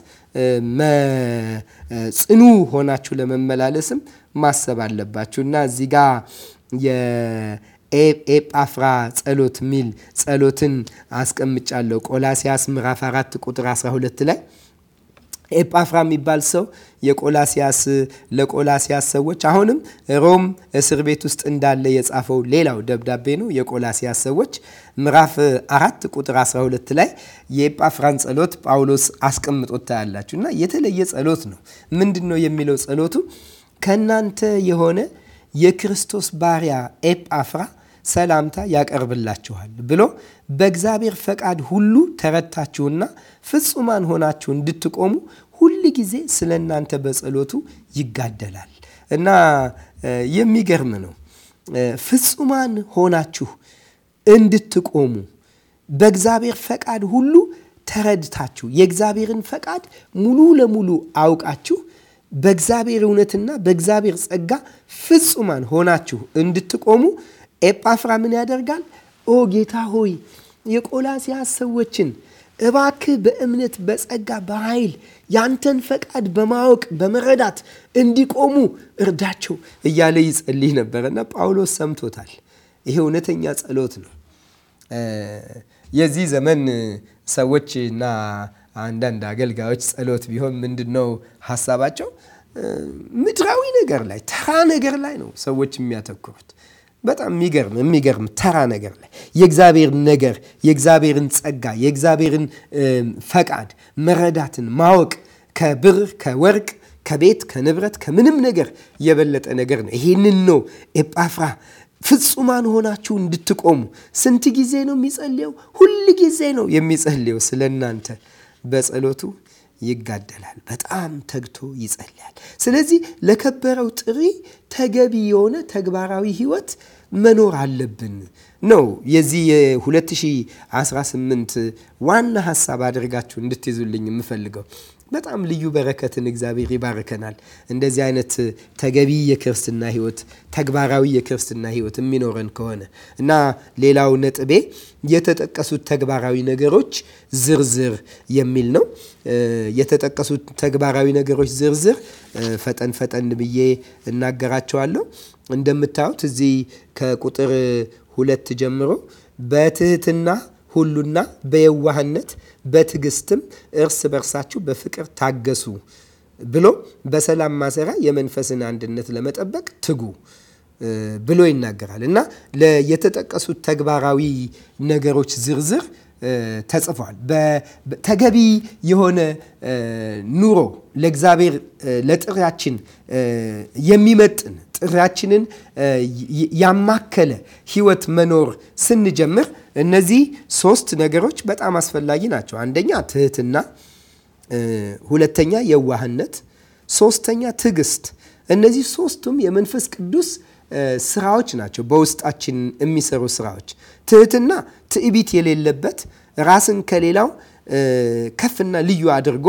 ጽኑ ሆናችሁ ለመመላለስም ማሰብ አለባችሁ እና እዚህ ጋ ኤጳፍራ ጸሎት ሚል ጸሎትን አስቀምጫለሁ። ቆላሲያስ ምዕራፍ 4 ቁጥር 12 ላይ ኤጳፍራ የሚባል ሰው የቆላሲያስ ለቆላሲያስ ሰዎች አሁንም ሮም እስር ቤት ውስጥ እንዳለ የጻፈው ሌላው ደብዳቤ ነው። የቆላሲያስ ሰዎች ምዕራፍ አራት ቁጥር 12 ላይ የኤጳፍራን ጸሎት ጳውሎስ አስቀምጦታ ታያላችሁ እና የተለየ ጸሎት ነው። ምንድን ነው የሚለው ጸሎቱ ከእናንተ የሆነ የክርስቶስ ባሪያ ኤጳፍራ ሰላምታ ያቀርብላችኋል ብሎ በእግዚአብሔር ፈቃድ ሁሉ ተረታችሁና ፍጹማን ሆናችሁ እንድትቆሙ ሁል ጊዜ ስለ እናንተ በጸሎቱ ይጋደላል እና የሚገርም ነው። ፍጹማን ሆናችሁ እንድትቆሙ በእግዚአብሔር ፈቃድ ሁሉ ተረድታችሁ የእግዚአብሔርን ፈቃድ ሙሉ ለሙሉ አውቃችሁ በእግዚአብሔር እውነትና በእግዚአብሔር ጸጋ ፍጹማን ሆናችሁ እንድትቆሙ ኤጳፍራ ምን ያደርጋል? ኦ ጌታ ሆይ የቆላስያስ ሰዎችን እባክህ በእምነት በጸጋ በኃይል ያንተን ፈቃድ በማወቅ በመረዳት እንዲቆሙ እርዳቸው እያለ ይጸልይ ነበረና ጳውሎስ ሰምቶታል። ይሄ እውነተኛ ጸሎት ነው። የዚህ ዘመን እና አንዳንድ አገልጋዮች ጸሎት ቢሆን ምንድን ነው ሀሳባቸው? ምድራዊ ነገር ላይ ተራ ነገር ላይ ነው ሰዎች የሚያተኩሩት። በጣም የሚገርም የሚገርም ተራ ነገር ላይ የእግዚአብሔርን ነገር የእግዚአብሔርን ጸጋ የእግዚአብሔርን ፈቃድ መረዳትን ማወቅ ከብር ከወርቅ ከቤት ከንብረት ከምንም ነገር የበለጠ ነገር ነው። ይሄንን ነው ኤጳፍራ ፍጹማን ሆናችሁ እንድትቆሙ። ስንት ጊዜ ነው የሚጸልየው? ሁል ጊዜ ነው የሚጸልየው ስለ እናንተ በጸሎቱ ይጋደላል። በጣም ተግቶ ይጸልያል። ስለዚህ ለከበረው ጥሪ ተገቢ የሆነ ተግባራዊ ህይወት መኖር አለብን ነው የዚህ የ2018 ዋና ሀሳብ አድርጋችሁ እንድትይዙልኝ የምፈልገው። በጣም ልዩ በረከትን እግዚአብሔር ይባርከናል። እንደዚህ አይነት ተገቢ የክርስትና ህይወት ተግባራዊ የክርስትና ህይወት የሚኖረን ከሆነ እና ሌላው ነጥቤ የተጠቀሱት ተግባራዊ ነገሮች ዝርዝር የሚል ነው። የተጠቀሱት ተግባራዊ ነገሮች ዝርዝር ፈጠን ፈጠን ብዬ እናገራቸዋለሁ። እንደምታዩት እዚህ ከቁጥር ሁለት ጀምሮ በትህትና ሁሉና በየዋህነት በትዕግስትም እርስ በርሳችሁ በፍቅር ታገሱ ብሎ በሰላም ማሰሪያ የመንፈስን አንድነት ለመጠበቅ ትጉ ብሎ ይናገራል እና የተጠቀሱት ተግባራዊ ነገሮች ዝርዝር ተጽፏል። ተገቢ የሆነ ኑሮ ለእግዚአብሔር ለጥሪያችን የሚመጥን ጥሪያችንን ያማከለ ህይወት መኖር ስንጀምር እነዚህ ሶስት ነገሮች በጣም አስፈላጊ ናቸው። አንደኛ ትህትና፣ ሁለተኛ የዋህነት፣ ሶስተኛ ትዕግስት። እነዚህ ሶስቱም የመንፈስ ቅዱስ ስራዎች ናቸው፣ በውስጣችን የሚሰሩ ስራዎች። ትህትና ትዕቢት የሌለበት ራስን ከሌላው ከፍና ልዩ አድርጎ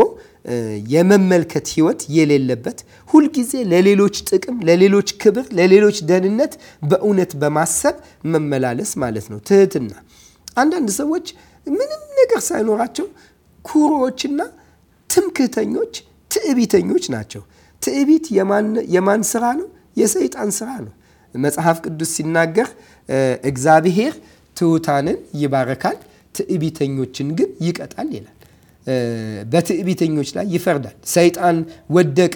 የመመልከት ህይወት የሌለበት ሁልጊዜ ለሌሎች ጥቅም፣ ለሌሎች ክብር፣ ለሌሎች ደህንነት በእውነት በማሰብ መመላለስ ማለት ነው ትህትና። አንዳንድ ሰዎች ምንም ነገር ሳይኖራቸው ኩሮዎችና ትምክህተኞች፣ ትዕቢተኞች ናቸው። ትዕቢት የማን ስራ ነው? የሰይጣን ስራ ነው። መጽሐፍ ቅዱስ ሲናገር እግዚአብሔር ትሑታንን ይባረካል፣ ትዕቢተኞችን ግን ይቀጣል ይላል። በትዕቢተኞች ላይ ይፈርዳል። ሰይጣን ወደቀ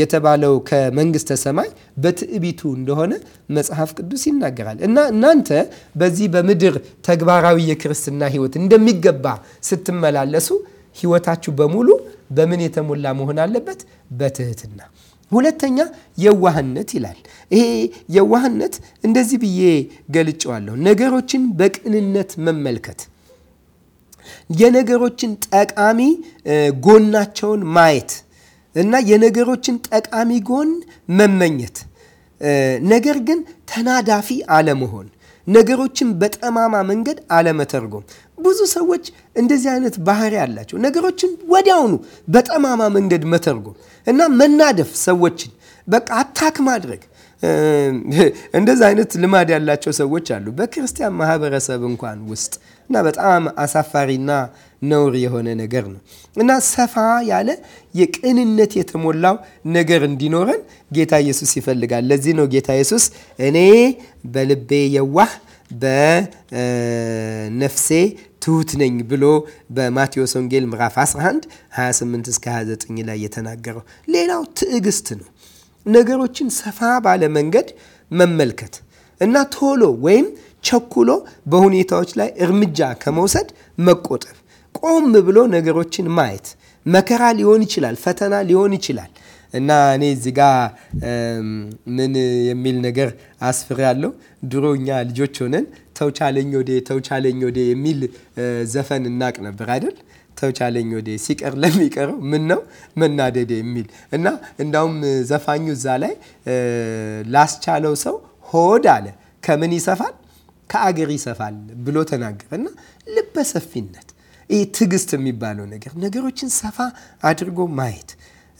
የተባለው ከመንግስተ ሰማይ በትዕቢቱ እንደሆነ መጽሐፍ ቅዱስ ይናገራል እና እናንተ በዚህ በምድር ተግባራዊ የክርስትና ህይወት እንደሚገባ ስትመላለሱ ህይወታችሁ በሙሉ በምን የተሞላ መሆን አለበት? በትህትና። ሁለተኛ የዋህነት ይላል። ይሄ የዋህነት እንደዚህ ብዬ ገልጨዋለሁ፣ ነገሮችን በቅንነት መመልከት የነገሮችን ጠቃሚ ጎናቸውን ማየት እና የነገሮችን ጠቃሚ ጎን መመኘት፣ ነገር ግን ተናዳፊ አለመሆን፣ ነገሮችን በጠማማ መንገድ አለመተርጎም። ብዙ ሰዎች እንደዚህ አይነት ባህሪ ያላቸው ነገሮችን ወዲያውኑ በጠማማ መንገድ መተርጎም እና መናደፍ፣ ሰዎችን በቃ አታክ ማድረግ እንደዚህ አይነት ልማድ ያላቸው ሰዎች አሉ። በክርስቲያን ማህበረሰብ እንኳን ውስጥ እና በጣም አሳፋሪና ነውር የሆነ ነገር ነው እና ሰፋ ያለ የቅንነት የተሞላው ነገር እንዲኖረን ጌታ ኢየሱስ ይፈልጋል። ለዚህ ነው ጌታ ኢየሱስ እኔ በልቤ የዋህ በነፍሴ ትሁት ነኝ ብሎ በማቴዎስ ወንጌል ምዕራፍ 11 28 እስከ 29 ላይ የተናገረው። ሌላው ትዕግስት ነው። ነገሮችን ሰፋ ባለ መንገድ መመልከት እና ቶሎ ወይም ቸኩሎ በሁኔታዎች ላይ እርምጃ ከመውሰድ መቆጠብ፣ ቆም ብሎ ነገሮችን ማየት። መከራ ሊሆን ይችላል፣ ፈተና ሊሆን ይችላል እና እኔ እዚህ ጋ ምን የሚል ነገር አስፍር ያለው ድሮ እኛ ልጆች ሆነን ተውቻለኝ ወዴ ተውቻለኝ ወዴ የሚል ዘፈን እናቅ ነበር አይደል? ተውቻለኝ ወዴ ሲቀር ለሚቀረው ምን ነው መናደዴ የሚል እና እንዳውም ዘፋኙ እዛ ላይ ላስቻለው ሰው ሆድ አለ ከምን ይሰፋል ከአገር ይሰፋል ብሎ ተናገረ እና ልበሰፊነት ይህ ትዕግስት የሚባለው ነገር ነገሮችን ሰፋ አድርጎ ማየት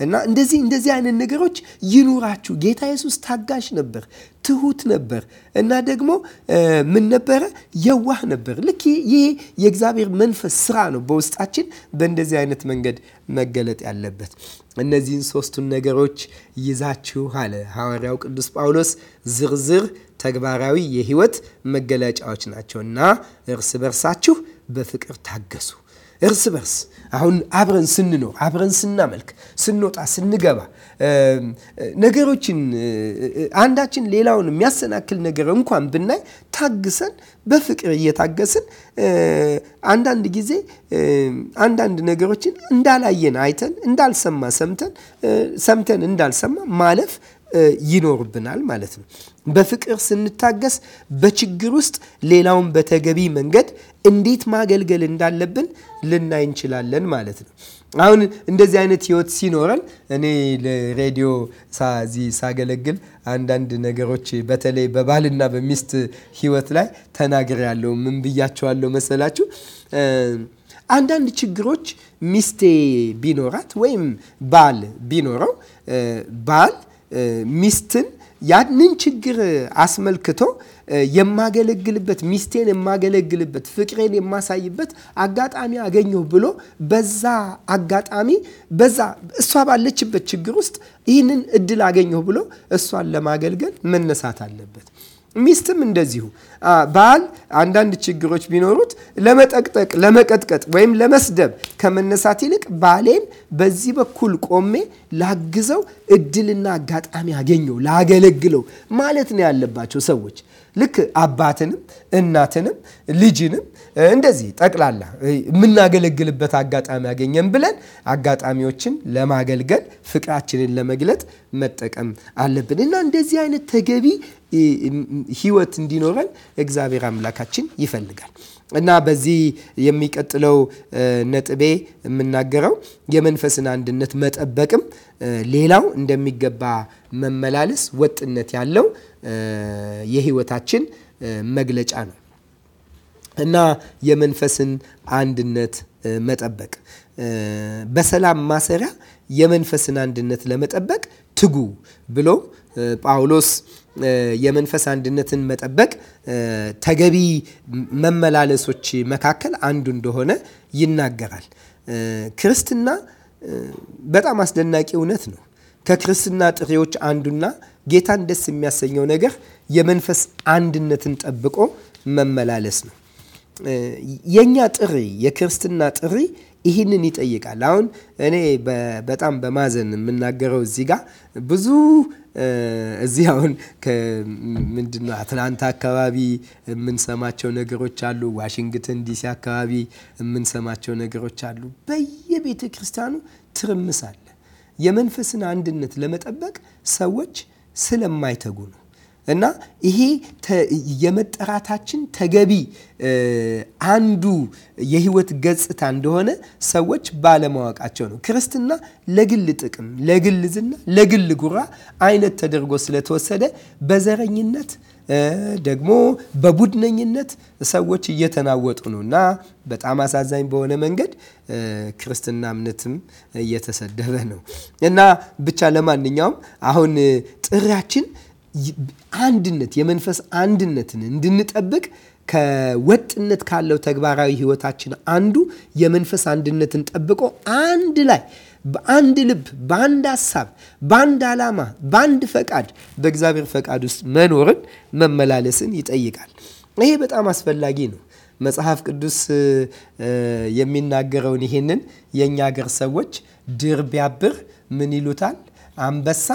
እና እንደዚህ እንደዚህ አይነት ነገሮች ይኑራችሁ። ጌታ ኢየሱስ ታጋሽ ነበር፣ ትሁት ነበር እና ደግሞ ምን ነበረ? የዋህ ነበር። ልክ ይህ የእግዚአብሔር መንፈስ ስራ ነው በውስጣችን በእንደዚህ አይነት መንገድ መገለጥ ያለበት። እነዚህን ሶስቱን ነገሮች ይዛችሁ አለ ሐዋርያው ቅዱስ ጳውሎስ ዝርዝር ተግባራዊ የህይወት መገለጫዎች ናቸው እና እርስ በርሳችሁ በፍቅር ታገሱ። እርስ በርስ አሁን አብረን ስንኖር አብረን ስናመልክ፣ ስንወጣ፣ ስንገባ ነገሮችን አንዳችን ሌላውን የሚያሰናክል ነገር እንኳን ብናይ ታግሰን በፍቅር እየታገስን አንዳንድ ጊዜ አንዳንድ ነገሮችን እንዳላየን አይተን እንዳልሰማ ሰምተን ሰምተን እንዳልሰማ ማለፍ ይኖርብናል ማለት ነው። በፍቅር ስንታገስ በችግር ውስጥ ሌላውን በተገቢ መንገድ እንዴት ማገልገል እንዳለብን ልናይ እንችላለን ማለት ነው። አሁን እንደዚህ አይነት ህይወት ሲኖረን እኔ ለሬዲዮ ሳዚህ ሳገለግል አንዳንድ ነገሮች በተለይ በባልና በሚስት ህይወት ላይ ያለው ምን ብያቸዋለሁ መሰላችሁ? አንዳንድ ችግሮች ሚስቴ ቢኖራት ወይም ባል ቢኖረው ባል ሚስትን ያንን ችግር አስመልክቶ የማገለግልበት ሚስቴን የማገለግልበት ፍቅሬን የማሳይበት አጋጣሚ አገኘሁ ብሎ በዛ አጋጣሚ በዛ እሷ ባለችበት ችግር ውስጥ ይህንን እድል አገኘሁ ብሎ እሷን ለማገልገል መነሳት አለበት። ሚስትም እንደዚሁ ባል አንዳንድ ችግሮች ቢኖሩት ለመጠቅጠቅ፣ ለመቀጥቀጥ ወይም ለመስደብ ከመነሳት ይልቅ ባሌን በዚህ በኩል ቆሜ ላግዘው እድልና አጋጣሚ አገኘው ላገለግለው ማለት ነው ያለባቸው ሰዎች። ልክ አባትንም እናትንም ልጅንም እንደዚህ ጠቅላላ የምናገለግልበት አጋጣሚ ያገኘን ብለን አጋጣሚዎችን ለማገልገል ፍቅራችንን ለመግለጥ መጠቀም አለብን እና እንደዚህ አይነት ተገቢ ህይወት እንዲኖረን እግዚአብሔር አምላካችን ይፈልጋል። እና በዚህ የሚቀጥለው ነጥቤ የምናገረው የመንፈስን አንድነት መጠበቅም ሌላው እንደሚገባ መመላለስ ወጥነት ያለው የህይወታችን መግለጫ ነው እና የመንፈስን አንድነት መጠበቅ በሰላም ማሰሪያ የመንፈስን አንድነት ለመጠበቅ ትጉ ብሎ ጳውሎስ የመንፈስ አንድነትን መጠበቅ ተገቢ መመላለሶች መካከል አንዱ እንደሆነ ይናገራል። ክርስትና በጣም አስደናቂ እውነት ነው። ከክርስትና ጥሪዎች አንዱና ጌታን ደስ የሚያሰኘው ነገር የመንፈስ አንድነትን ጠብቆ መመላለስ ነው። የእኛ ጥሪ የክርስትና ጥሪ ይህንን ይጠይቃል። አሁን እኔ በጣም በማዘን የምናገረው እዚህ ጋር ብዙ እዚህ አሁን ምንድነው አትላንታ አካባቢ የምንሰማቸው ነገሮች አሉ። ዋሽንግተን ዲሲ አካባቢ የምንሰማቸው ነገሮች አሉ። በየቤተ ክርስቲያኑ ትርምስ አለ። የመንፈስን አንድነት ለመጠበቅ ሰዎች ስለማይተጉ ነው። እና ይሄ የመጠራታችን ተገቢ አንዱ የህይወት ገጽታ እንደሆነ ሰዎች ባለማወቃቸው ነው። ክርስትና ለግል ጥቅም፣ ለግል ዝና፣ ለግል ጉራ አይነት ተደርጎ ስለተወሰደ በዘረኝነት ደግሞ በቡድነኝነት ሰዎች እየተናወጡ ነው እና በጣም አሳዛኝ በሆነ መንገድ ክርስትና እምነትም እየተሰደበ ነው እና ብቻ ለማንኛውም አሁን ጥሪያችን አንድነት የመንፈስ አንድነትን እንድንጠብቅ ከወጥነት ካለው ተግባራዊ ህይወታችን አንዱ የመንፈስ አንድነትን ጠብቆ አንድ ላይ በአንድ ልብ፣ በአንድ ሀሳብ፣ በአንድ ዓላማ፣ በአንድ ፈቃድ በእግዚአብሔር ፈቃድ ውስጥ መኖርን መመላለስን ይጠይቃል። ይሄ በጣም አስፈላጊ ነው። መጽሐፍ ቅዱስ የሚናገረውን ይሄንን የእኛ አገር ሰዎች ድር ቢያብር ምን ይሉታል? አንበሳ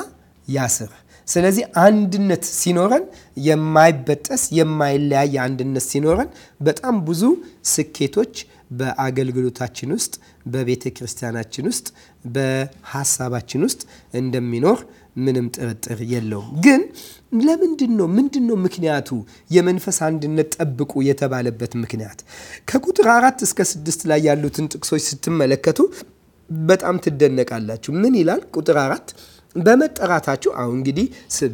ያስር ስለዚህ አንድነት ሲኖረን የማይበጠስ የማይለያይ አንድነት ሲኖረን በጣም ብዙ ስኬቶች በአገልግሎታችን ውስጥ በቤተ ክርስቲያናችን ውስጥ በሀሳባችን ውስጥ እንደሚኖር ምንም ጥርጥር የለውም። ግን ለምንድን ነው ምንድን ነው ምክንያቱ? የመንፈስ አንድነት ጠብቁ የተባለበት ምክንያት ከቁጥር አራት እስከ ስድስት ላይ ያሉትን ጥቅሶች ስትመለከቱ በጣም ትደነቃላችሁ። ምን ይላል ቁጥር አራት በመጠራታችሁ አሁን እንግዲህ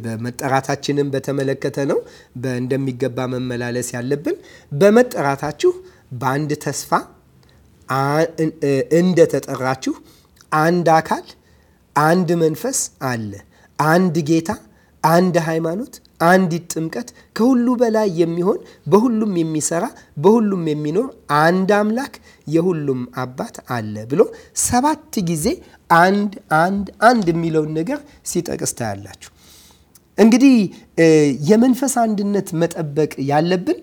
በመጠራታችንን በተመለከተ ነው እንደሚገባ መመላለስ ያለብን። በመጠራታችሁ በአንድ ተስፋ እንደተጠራችሁ አንድ አካል፣ አንድ መንፈስ አለ፣ አንድ ጌታ፣ አንድ ሃይማኖት፣ አንዲት ጥምቀት፣ ከሁሉ በላይ የሚሆን በሁሉም የሚሰራ በሁሉም የሚኖር አንድ አምላክ የሁሉም አባት አለ ብሎ ሰባት ጊዜ አንድ አንድ አንድ የሚለውን ነገር ሲጠቅስ ታያላችሁ። እንግዲህ የመንፈስ አንድነት መጠበቅ ያለብን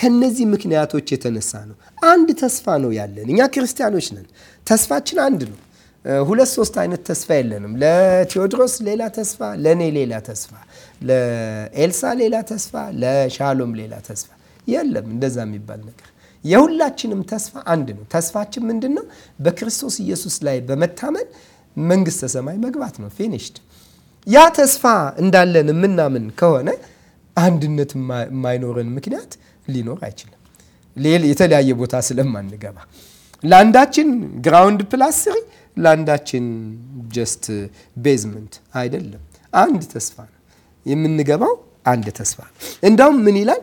ከነዚህ ምክንያቶች የተነሳ ነው። አንድ ተስፋ ነው ያለን። እኛ ክርስቲያኖች ነን። ተስፋችን አንድ ነው። ሁለት ሶስት አይነት ተስፋ የለንም። ለቴዎድሮስ ሌላ ተስፋ፣ ለእኔ ሌላ ተስፋ፣ ለኤልሳ ሌላ ተስፋ፣ ለሻሎም ሌላ ተስፋ የለም። እንደዛ የሚባል ነገር የሁላችንም ተስፋ አንድ ነው። ተስፋችን ምንድን ነው? በክርስቶስ ኢየሱስ ላይ በመታመን መንግስተ ሰማይ መግባት ነው። ፊኒሽድ። ያ ተስፋ እንዳለን የምናምን ከሆነ አንድነት የማይኖረን ምክንያት ሊኖር አይችልም። የተለያየ ቦታ ስለማንገባ ለአንዳችን ግራውንድ ፕላስ ስሪ፣ ለአንዳችን ጀስት ቤዝመንት አይደለም። አንድ ተስፋ ነው የምንገባው አንድ ተስፋ እንዳውም ምን ይላል?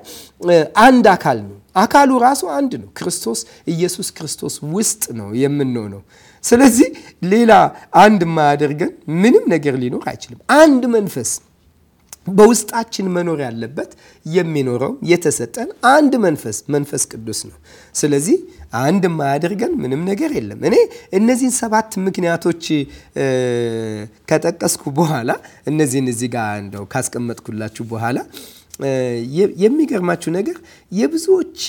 አንድ አካል ነው። አካሉ ራሱ አንድ ነው። ክርስቶስ ኢየሱስ ክርስቶስ ውስጥ ነው የምንሆነው። ስለዚህ ሌላ አንድ የማያደርገን ምንም ነገር ሊኖር አይችልም። አንድ መንፈስ በውስጣችን መኖር ያለበት የሚኖረው የተሰጠን አንድ መንፈስ መንፈስ ቅዱስ ነው። ስለዚህ አንድ የማያደርገን ምንም ነገር የለም። እኔ እነዚህን ሰባት ምክንያቶች ከጠቀስኩ በኋላ እነዚህን እዚህ ጋር እንደው ካስቀመጥኩላችሁ በኋላ የሚገርማችሁ ነገር የብዙዎች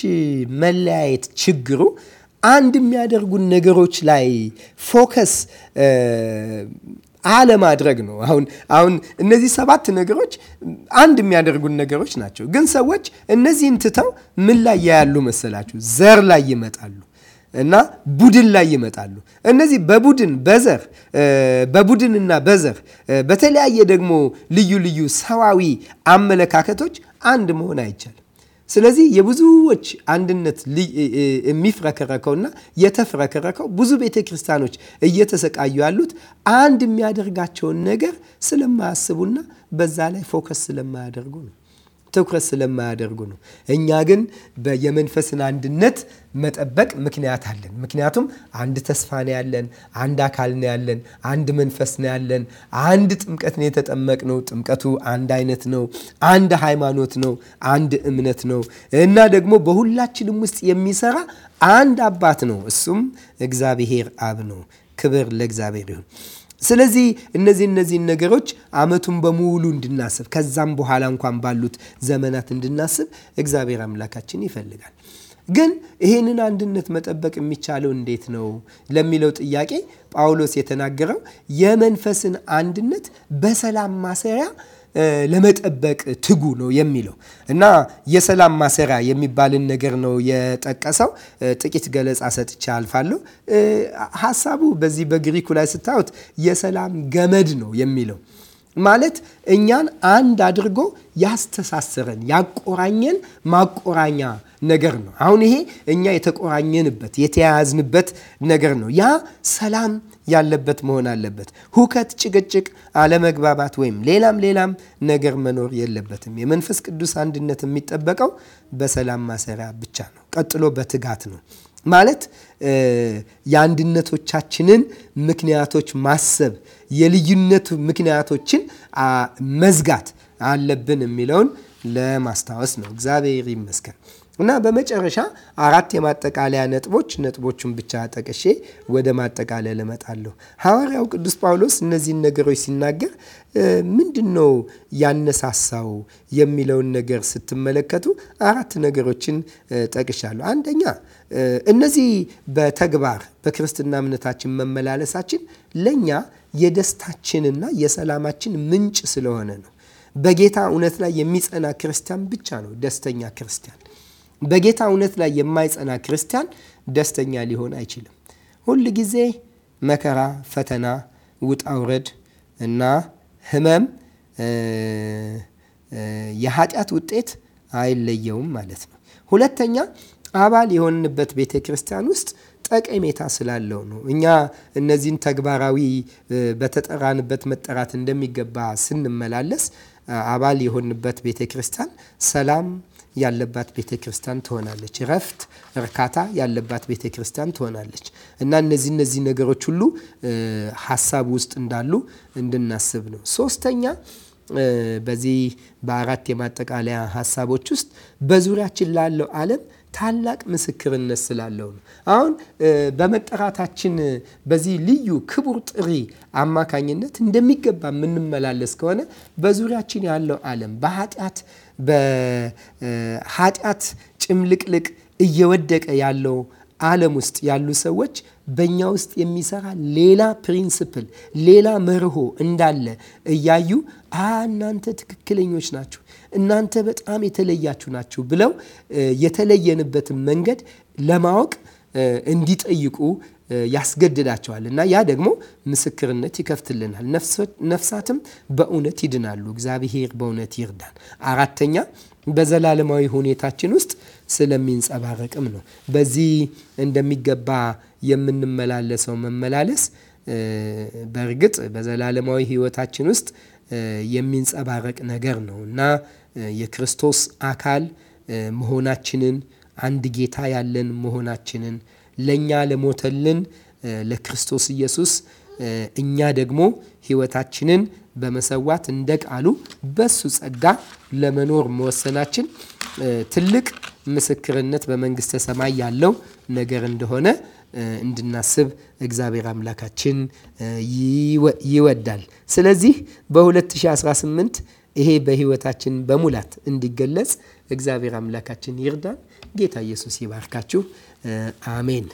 መለያየት ችግሩ አንድ የሚያደርጉን ነገሮች ላይ ፎከስ አለማድረግ ነው። አሁን አሁን እነዚህ ሰባት ነገሮች አንድ የሚያደርጉን ነገሮች ናቸው። ግን ሰዎች እነዚህን ትተው ምን ላይ ያያሉ መሰላችሁ? ዘር ላይ ይመጣሉ እና ቡድን ላይ ይመጣሉ። እነዚህ በቡድን በዘር በቡድንና በዘር በተለያየ ደግሞ ልዩ ልዩ ሰዋዊ አመለካከቶች አንድ መሆን አይቻልም። ስለዚህ የብዙዎች አንድነት የሚፍረከረከውና የተፍረከረከው ብዙ ቤተ ክርስቲያኖች እየተሰቃዩ ያሉት አንድ የሚያደርጋቸውን ነገር ስለማያስቡና በዛ ላይ ፎከስ ስለማያደርጉ ነው። ትኩረት ስለማያደርጉ ነው። እኛ ግን የመንፈስን አንድነት መጠበቅ ምክንያት አለን። ምክንያቱም አንድ ተስፋ ነው ያለን፣ አንድ አካል ነው ያለን፣ አንድ መንፈስ ነው ያለን፣ አንድ ጥምቀት ነው ነው። ጥምቀቱ አንድ አይነት ነው፣ አንድ ሃይማኖት ነው፣ አንድ እምነት ነው እና ደግሞ በሁላችንም ውስጥ የሚሰራ አንድ አባት ነው። እሱም እግዚአብሔር አብ ነው። ክብር ለእግዚአብሔር ይሁን። ስለዚህ እነዚህ እነዚህን ነገሮች አመቱን በሙሉ እንድናስብ ከዛም በኋላ እንኳን ባሉት ዘመናት እንድናስብ እግዚአብሔር አምላካችን ይፈልጋል። ግን ይህንን አንድነት መጠበቅ የሚቻለው እንዴት ነው ለሚለው ጥያቄ ጳውሎስ የተናገረው የመንፈስን አንድነት በሰላም ማሰሪያ ለመጠበቅ ትጉ ነው የሚለው እና የሰላም ማሰሪያ የሚባልን ነገር ነው የጠቀሰው። ጥቂት ገለጻ ሰጥቼ አልፋለሁ። ሀሳቡ በዚህ በግሪኩ ላይ ስታዩት የሰላም ገመድ ነው የሚለው ማለት እኛን አንድ አድርጎ ያስተሳሰረን ያቆራኘን ማቆራኛ ነገር ነው። አሁን ይሄ እኛ የተቆራኘንበት የተያያዝንበት ነገር ነው። ያ ሰላም ያለበት መሆን አለበት። ሁከት፣ ጭቅጭቅ፣ አለመግባባት ወይም ሌላም ሌላም ነገር መኖር የለበትም። የመንፈስ ቅዱስ አንድነት የሚጠበቀው በሰላም ማሰሪያ ብቻ ነው። ቀጥሎ በትጋት ነው ማለት የአንድነቶቻችንን ምክንያቶች ማሰብ የልዩነት ምክንያቶችን መዝጋት አለብን የሚለውን ለማስታወስ ነው። እግዚአብሔር ይመስገን። እና በመጨረሻ አራት የማጠቃለያ ነጥቦች ነጥቦቹን ብቻ ጠቅሼ ወደ ማጠቃለያ ልመጣለሁ። ሐዋርያው ቅዱስ ጳውሎስ እነዚህን ነገሮች ሲናገር ምንድን ነው ያነሳሳው የሚለውን ነገር ስትመለከቱ አራት ነገሮችን ጠቅሻለሁ። አንደኛ እነዚህ በተግባር በክርስትና እምነታችን መመላለሳችን ለእኛ የደስታችንና የሰላማችን ምንጭ ስለሆነ ነው። በጌታ እውነት ላይ የሚጸና ክርስቲያን ብቻ ነው ደስተኛ ክርስቲያን። በጌታ እውነት ላይ የማይጸና ክርስቲያን ደስተኛ ሊሆን አይችልም። ሁል ጊዜ መከራ፣ ፈተና፣ ውጣ ውረድ እና ህመም የኃጢአት ውጤት አይለየውም ማለት ነው። ሁለተኛ አባል የሆንንበት ቤተ ክርስቲያን ውስጥ ጠቀሜታ ስላለው ነው። እኛ እነዚህን ተግባራዊ በተጠራንበት መጠራት እንደሚገባ ስንመላለስ አባል የሆንበት ቤተ ክርስቲያን ሰላም ያለባት ቤተ ክርስቲያን ትሆናለች። ረፍት፣ እርካታ ያለባት ቤተ ክርስቲያን ትሆናለች እና እነዚህ እነዚህ ነገሮች ሁሉ ሀሳብ ውስጥ እንዳሉ እንድናስብ ነው። ሶስተኛ በዚህ በአራት የማጠቃለያ ሀሳቦች ውስጥ በዙሪያችን ላለው ዓለም ታላቅ ምስክርነት ስላለው ነው። አሁን በመጠራታችን በዚህ ልዩ ክቡር ጥሪ አማካኝነት እንደሚገባ የምንመላለስ ከሆነ በዙሪያችን ያለው ዓለም በኃጢአት በኃጢአት ጭምልቅልቅ እየወደቀ ያለው ዓለም ውስጥ ያሉ ሰዎች በእኛ ውስጥ የሚሰራ ሌላ ፕሪንስፕል ሌላ መርሆ እንዳለ እያዩ እናንተ ትክክለኞች ናቸው እናንተ በጣም የተለያችሁ ናችሁ ብለው የተለየንበትን መንገድ ለማወቅ እንዲጠይቁ ያስገድዳቸዋል እና ያ ደግሞ ምስክርነት ይከፍትልናል። ነፍሳትም በእውነት ይድናሉ። እግዚአብሔር በእውነት ይርዳን። አራተኛ በዘላለማዊ ሁኔታችን ውስጥ ስለሚንጸባረቅም ነው። በዚህ እንደሚገባ የምንመላለሰው መመላለስ በእርግጥ በዘላለማዊ ሕይወታችን ውስጥ የሚንጸባረቅ ነገር ነው እና የክርስቶስ አካል መሆናችንን አንድ ጌታ ያለን መሆናችንን ለእኛ ለሞተልን ለክርስቶስ ኢየሱስ እኛ ደግሞ ሕይወታችንን በመሰዋት እንደ ቃሉ በሱ ጸጋ ለመኖር መወሰናችን ትልቅ ምስክርነት በመንግስተ ሰማይ ያለው ነገር እንደሆነ እንድናስብ እግዚአብሔር አምላካችን ይወዳል። ስለዚህ በ2018 ይሄ በህይወታችን በሙላት እንዲገለጽ እግዚአብሔር አምላካችን ይርዳን። ጌታ ኢየሱስ ይባርካችሁ። አሜን።